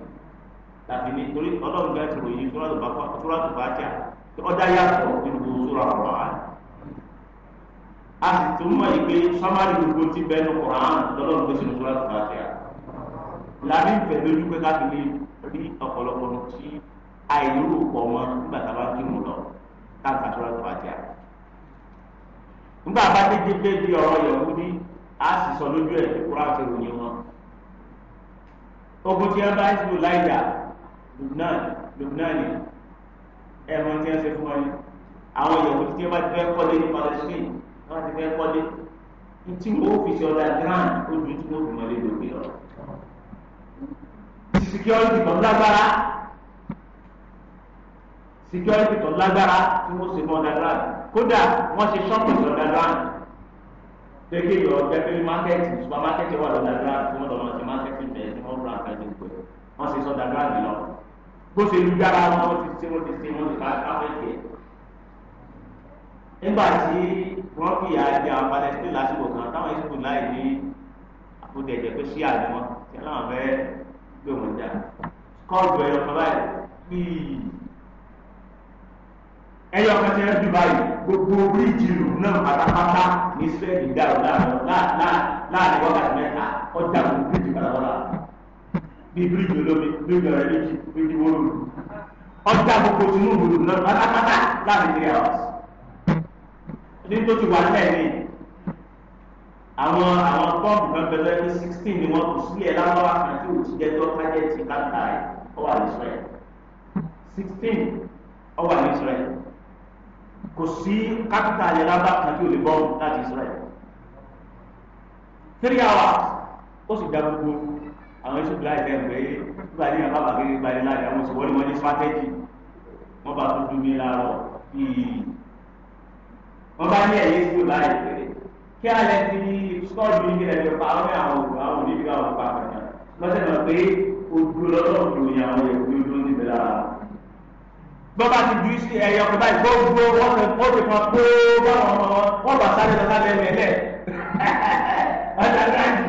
tàbí nítorí ọlọ́run gbà tó ròyìn sọ́dọ̀ bá kọ́ sọ́dọ̀ bá jà ọjà yàtọ̀ nínú sóra ọ̀rọ̀ àná. a sì tún mọ̀ yìí pé sọ́mọ́rì gbogbo ti bẹ́ẹ̀ ní Kùránì lọ́lọ́run gbèsè ní sóra ọ̀rọ̀ àti àná. làbí ìfẹ́ lójú pé káàkiri rí ọ̀pọ̀lọpọ̀ tí àìlúrò pọ̀ mọ́ nígbà tá a bá kírun lọ káàkiri sóra ọ̀rọ̀ àti àná. nígbà bá dé dédé di ọ̀rọ̀ Yẹhudi a sì sọ lójú ẹ̀ kúrò àti ìròyìn wọn. ogun tí a bá ń lò láìjà lùbnáàlì ẹ̀rọ tí wọ́n ṣe fún wọn ni àwọn ìyàwó tí wọ́n bá ti fẹ́ kọ́lé ní Palestine wọ́n bá ti fẹ́ kọ́lé tí wọ́n fi ṣe ọ̀dà grand ojú tí wọ́n fi mọ́lé lóbi lọ. security tó lágbára security tó lágbára tí wọ́n ṣe fún ọ̀dà grand kódà wọ́n ṣe shopping sí ọ̀dà grand gbẹgbẹ yọ gbẹgbẹ market supermarket wà lọ́dà grand tí wọ́n lọ́ọ́ ṣe market bẹ̀rẹ̀ tí wọ́n rà kẹ́lẹ́ pẹ̀ wọ́n ṣe sọ́dà grand lọ bó ṣe lu dára wọn ti ṣe wọn ti ṣe wọn ti bá káwọn ẹ̀kẹ́. nígbà tí wọ́n fi ìyá jẹ àwọn palestine lásìkò kan táwọn ìsìnkú láì ní àfojẹjẹ pé ṣí àná wọn tí aláwọn fẹ́ gbé wọn jà kọ́ọ̀dù ẹ̀yọ̀ kan báyìí bíi ẹ̀yọ̀ kan ti rẹ́ jù báyìí gbogbo bíríìjì lù náà pátápátá ní israẹli dàrú láàrin wákàtí mẹ́ta ọjà gbogbo bíríìjì pátápátá bí bíríkì olómi bíríkì ọ̀rẹ́ méjì méjì wọ́ọ̀lù ọjà gbogbo tinubu lù náà pátápátá láti three hours nítorí wà lẹ́yìn àwọn àwọn pọ́ǹpù kan bẹ̀rẹ̀ ní sixteen ni wọ́n kù sílẹ̀ lábáwá kan tí ò ti káńtà rẹ̀ ọ wà ní Israel sixteen ọ wà ní Israel kò sí kápítà yẹn lábá kan tí ò bọ́ọ̀mù láti Israel three hours ó sì dá gbogbo àwọn iṣu bíláì bẹ́ẹ̀ pé nígbà tí yàrá bàbá kékeré gba ilé láàyè àwọn ìṣòwò ni wọ́n ní strategy wọ́n bá tún dún mí láàárọ̀ yìí wọ́n bá ní ẹ̀yìn iṣu báyìí pé kí alẹ́ ti sọ́ọ̀dù ní ilẹ̀ tó pa àwọn ní àwọn òkú àwọn òní bíi àwọn òkú àgbàjá lọ́sẹ̀ náà pé ojú lọ́dọ̀ òkú ni àwọn èkó ojú ní ìbẹ̀lẹ̀ ara bọ́ba ti ju iṣu ẹ̀yọ ọ̀pẹ báyìí gbogbo wọ́n ti kan gbogbo àwọn ọmọ wọn wọ́n bá sáré lọ sábẹ́ ẹ̀mẹ́lẹ̀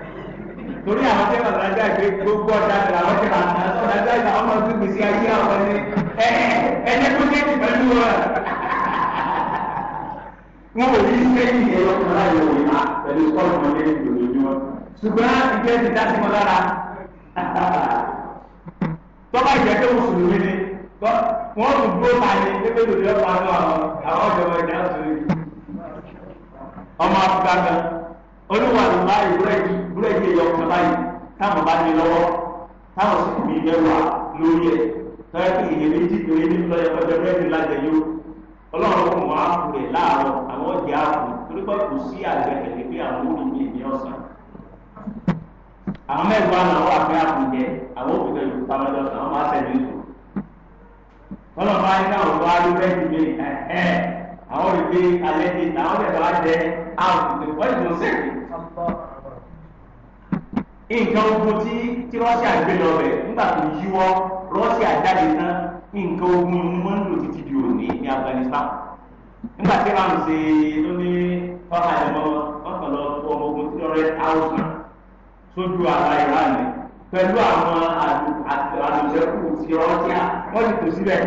torí àwọn tẹ́ bàbá ajá ìgbé gbogbo ọ̀dà àti àwọn tẹ́ bàbá ọ̀dà ajá ìgbà ọmọ ọdún gbèsè ayé àwọn ẹni ẹni tó dé pẹ̀lú wọn. wọn ò ní sẹ́yìn ìyẹn lọ́kùnrin láyé òun náà pẹ̀lú kọ́ọ̀lù ọ̀dẹ́ ìdòdòdò ṣùgbọ́n ìgbẹ́ ti dá sí wọn lára tọ́ba ìjẹ́ pé mùsùlùmí ni wọ́n tún dúró máa ní pépé lòdì ọ̀pá àwọn àwọn ọ̀jọ̀gbọ̀n ìjà ọ̀sùn ọmọ afúgá gan. olúwa ló máa rí búrẹ́dì búrẹ́dì ẹ̀yọ kan báyìí táwọn bá ní lọ́wọ́ táwọn sì kù ní mẹ́wàá lórí ẹ̀ tọ́yẹ́ kí ìyẹn méjì lọ́yẹ lájẹ yó ọlọ́run kò wọ́n á rẹ̀ láàárọ̀ àwọn ọ̀jẹ̀ á torí pé kò sí àgbẹ̀ kẹ̀kẹ́ pé àwọn ọ̀sán àwọn wà àkùnjẹ àwọn tẹ̀lé ìlú bẹ́ẹ̀ni àwọn òbí nǹkan ogun tí tí Russia gbé lọ bẹ̀ nígbà tó yíwọ́ Russia jáde tán nǹkan ogun ni wọ́n ń lò títí di òní ní Afghanistan nígbà tí wọ́n ṣe ló ní ọ̀hà ìmọ̀ ọ̀kànlọ́ ọmọ ogun tí ọ̀rẹ́ àwòsàn sójú àbá Iran ni pẹ̀lú àwọn àlùsẹ́kù ti Russia wọ́n ti tò síbẹ̀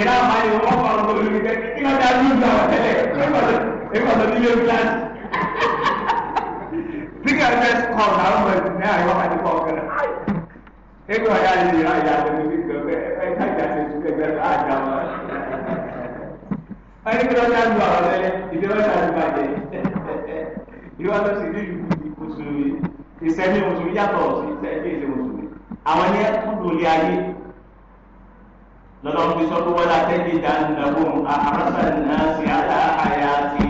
Iran máa ń wọ́n kọ́ ọ̀rọ̀ lórí ẹgbẹ́ kí wọ́n dá lóògbé àwọn tẹ́lẹ̀ ẹgbẹ́ ọ̀dọ́ nílé got a message call, I don't know, now you want to call it a hike. They go, I got it, I got it, we go, I got it, you can get it, I got it. Ayé kí lọ́jà ń lo àwọn ọ̀rẹ́ ìdílé ọjà ń bàjẹ́. Ìlú wa lọ sí ìlú ìmùsùlùmí. Ìsẹ̀mí mùsùlùmí yàtọ̀ sí ìsẹ̀mí ìlú mùsùlùmí. Àwọn ní ẹ̀kúndùn lé ayé lọ́dọ̀ ń fi sọ pé wọ́n dá tẹ́jú ìdáhùn náà wọ́n àrásà náà sí àlàáhàyà sí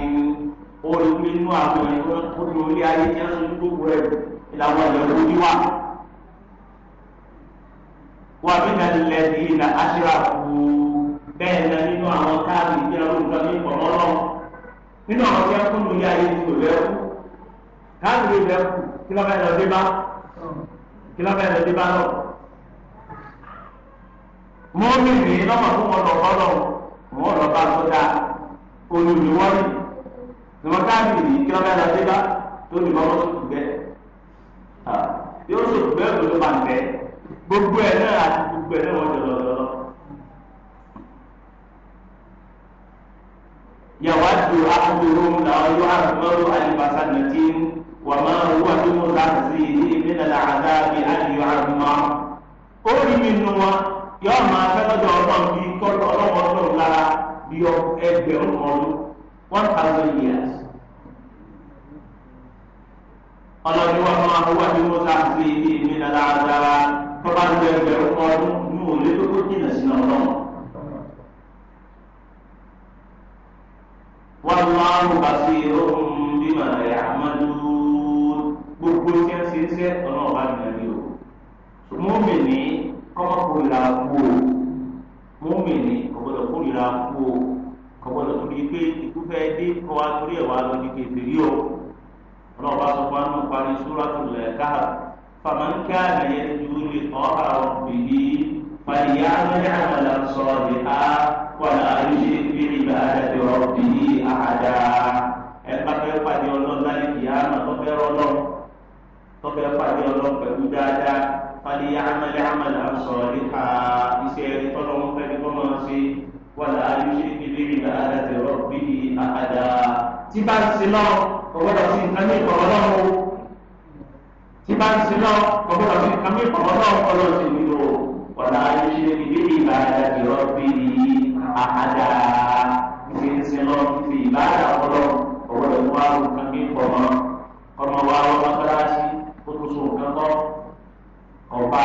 orí pé inú àwọn èèyàn ó ní orí ayé tí wọ́n ń gbogbo ẹ̀ ìlànà ìyẹ̀wò wíwà. wà á bíkà nílẹ̀ sí ìlà aṣíra kù bẹ́ẹ̀ náà nínú àwọn káàdì tí wọ́n ń lọ ní ìpamọ́ náà nínú àwọn tí wọ́n kún ní orí ayé tí kò lẹ́kù káàdì rẹ̀ kù kí lọ́ọ́ dé bá kí lọ́ọ́ bẹ́ẹ̀ lọ dé bá náà mọ́mí fún wọn lọ́kọ́ lọ́wọ́ wọn lọ́ bá olùdíwọ́lì ìwọ káàdì yìí kí wọn bá yàtí bá tó ní bọ́lá sókù bẹ́ yóò sókù bẹ́ òdòdó máa ń bẹ́ gbogbo ẹ̀ náà àti gbogbo ẹ̀ náà wọ́n jọ lọ́dọ́dọ́. yàwá ju akúndòrò làwọn yóò àtúntò àlìbàṣà nàkí wà máa wúwà tó mú láti ní ìpínlẹ̀ làádá bí àdìyọ àrùnmá. ó rí mi nu wọn yóò máa fẹ́ lọ́dọ̀ ọlọ́run 1,000 years. ọlọ́ni wọn máa wá ní mọ́tà sí ibi mi lára agbára tó bá ń bẹ ẹgbẹ̀rún ọdún ní òòlé tó tó jìnnà sínú ọlọ́run. wọ́n máa ń bá sí ohun bímọ rẹ̀ àmọ́dú gbogbo tí wọ́n ṣe ń ṣe ọ̀nà ọ̀bá nìyàrí o. mọ́mì ní kọ́mọ́kùnrin la kú o mọ́mì ní ọ̀gbọ́dọ̀ kúrin la kú o ọgbọ́dọ̀ tó di pé ikú fẹ́ dé kọ́ wa torí ẹ̀ wá lọ di kéde rí o ọlọ́ọ̀bá sọ fún anú parí Suratul Kahf faman kana yarju liqa'a rabbih faly'amal 'amalan salihan wa la yushrik bi 'ibadati rabbih ahada ẹ bá pàdé ọlọ́run láyé kìá tó fẹ́ rọ́lọ́ tó fẹ́ pàdé ọlọ́run pẹ̀lú dáadáa faly'amal 'amalan salihan iṣẹ́ tọ́lọ́mú fẹ́ kí tọ́lọ́mú sí wọ́lá ayúṣe ibi ìlà àdàtì rọ́bì àkàdà tí bá ń sin náà ọ̀gbọ́dọ̀ sí nǹkan ní ìkọ̀rọ̀ náà o tí bá ń sin náà ọ̀gbọ́dọ̀ sí nǹkan ní ìkọ̀rọ̀ náà ọ̀gbọ́dọ̀ sí nínú o wọ́lá ayúṣe ibi ìlà àdàtì rọ́bì àkàdà ìṣe ń sin náà fi ìlà àdàkọ́lọ́ ọ̀gbọ́dọ̀ wá nǹkan ìkọ̀rọ̀ ọmọ wa wọ́n bá bára tó so nǹkan kọ́ ọ̀bá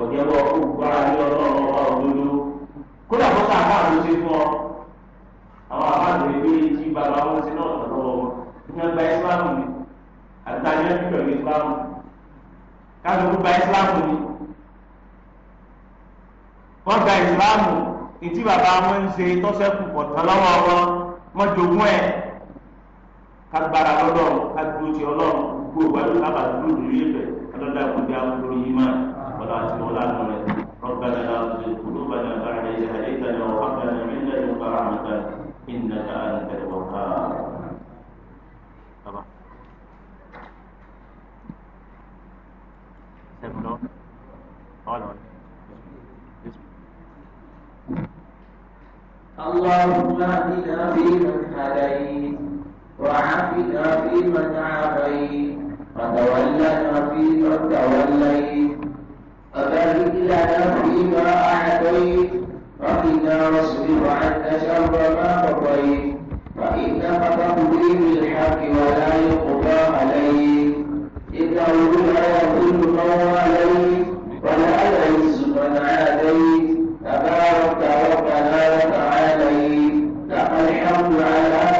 ọ̀jẹ̀ bọ̀ kó gbára lé ọlọ́run ọba òdodo kódà kó sá àbá àdó ṣe fún ọ àwọn àbá àdó ẹgbẹ́ tí bàbá wọn ṣe náà tọ̀ lọ́wọ́ ìyẹn gba ìsìlámù ni àtàlẹ́ ẹni pẹ̀lú ìsìlámù káàdùkú gba ìsìlámù ni wọ́n gba ìsìlámù ìtí bàbá wọn ń ṣe tọ́sẹ́kù kọ̀tàn lọ́wọ́ wọn wọ́n jogún ẹ̀ kagbara lọ́dọ̀ kagbóti ọlọ́run gbogbo wa شفاعة مولانا ربنا لا تزغ قلوبنا بعد إذ هديتنا وهب لنا من لدنك رحمة إنك أنت الوهاب اللهم اهدنا فيمن هديت وعافنا فيمن عافيت وتولنا فيمن توليت وبارك لنا ما أعطيت وقنا واصرف عنا شر ما قضيت فإنك تقضي بالحق ولا يقضى عليك إنه لا يضل من عليك ولا يعز من عاديت تبارك ربنا وتعاليت لك الحمد على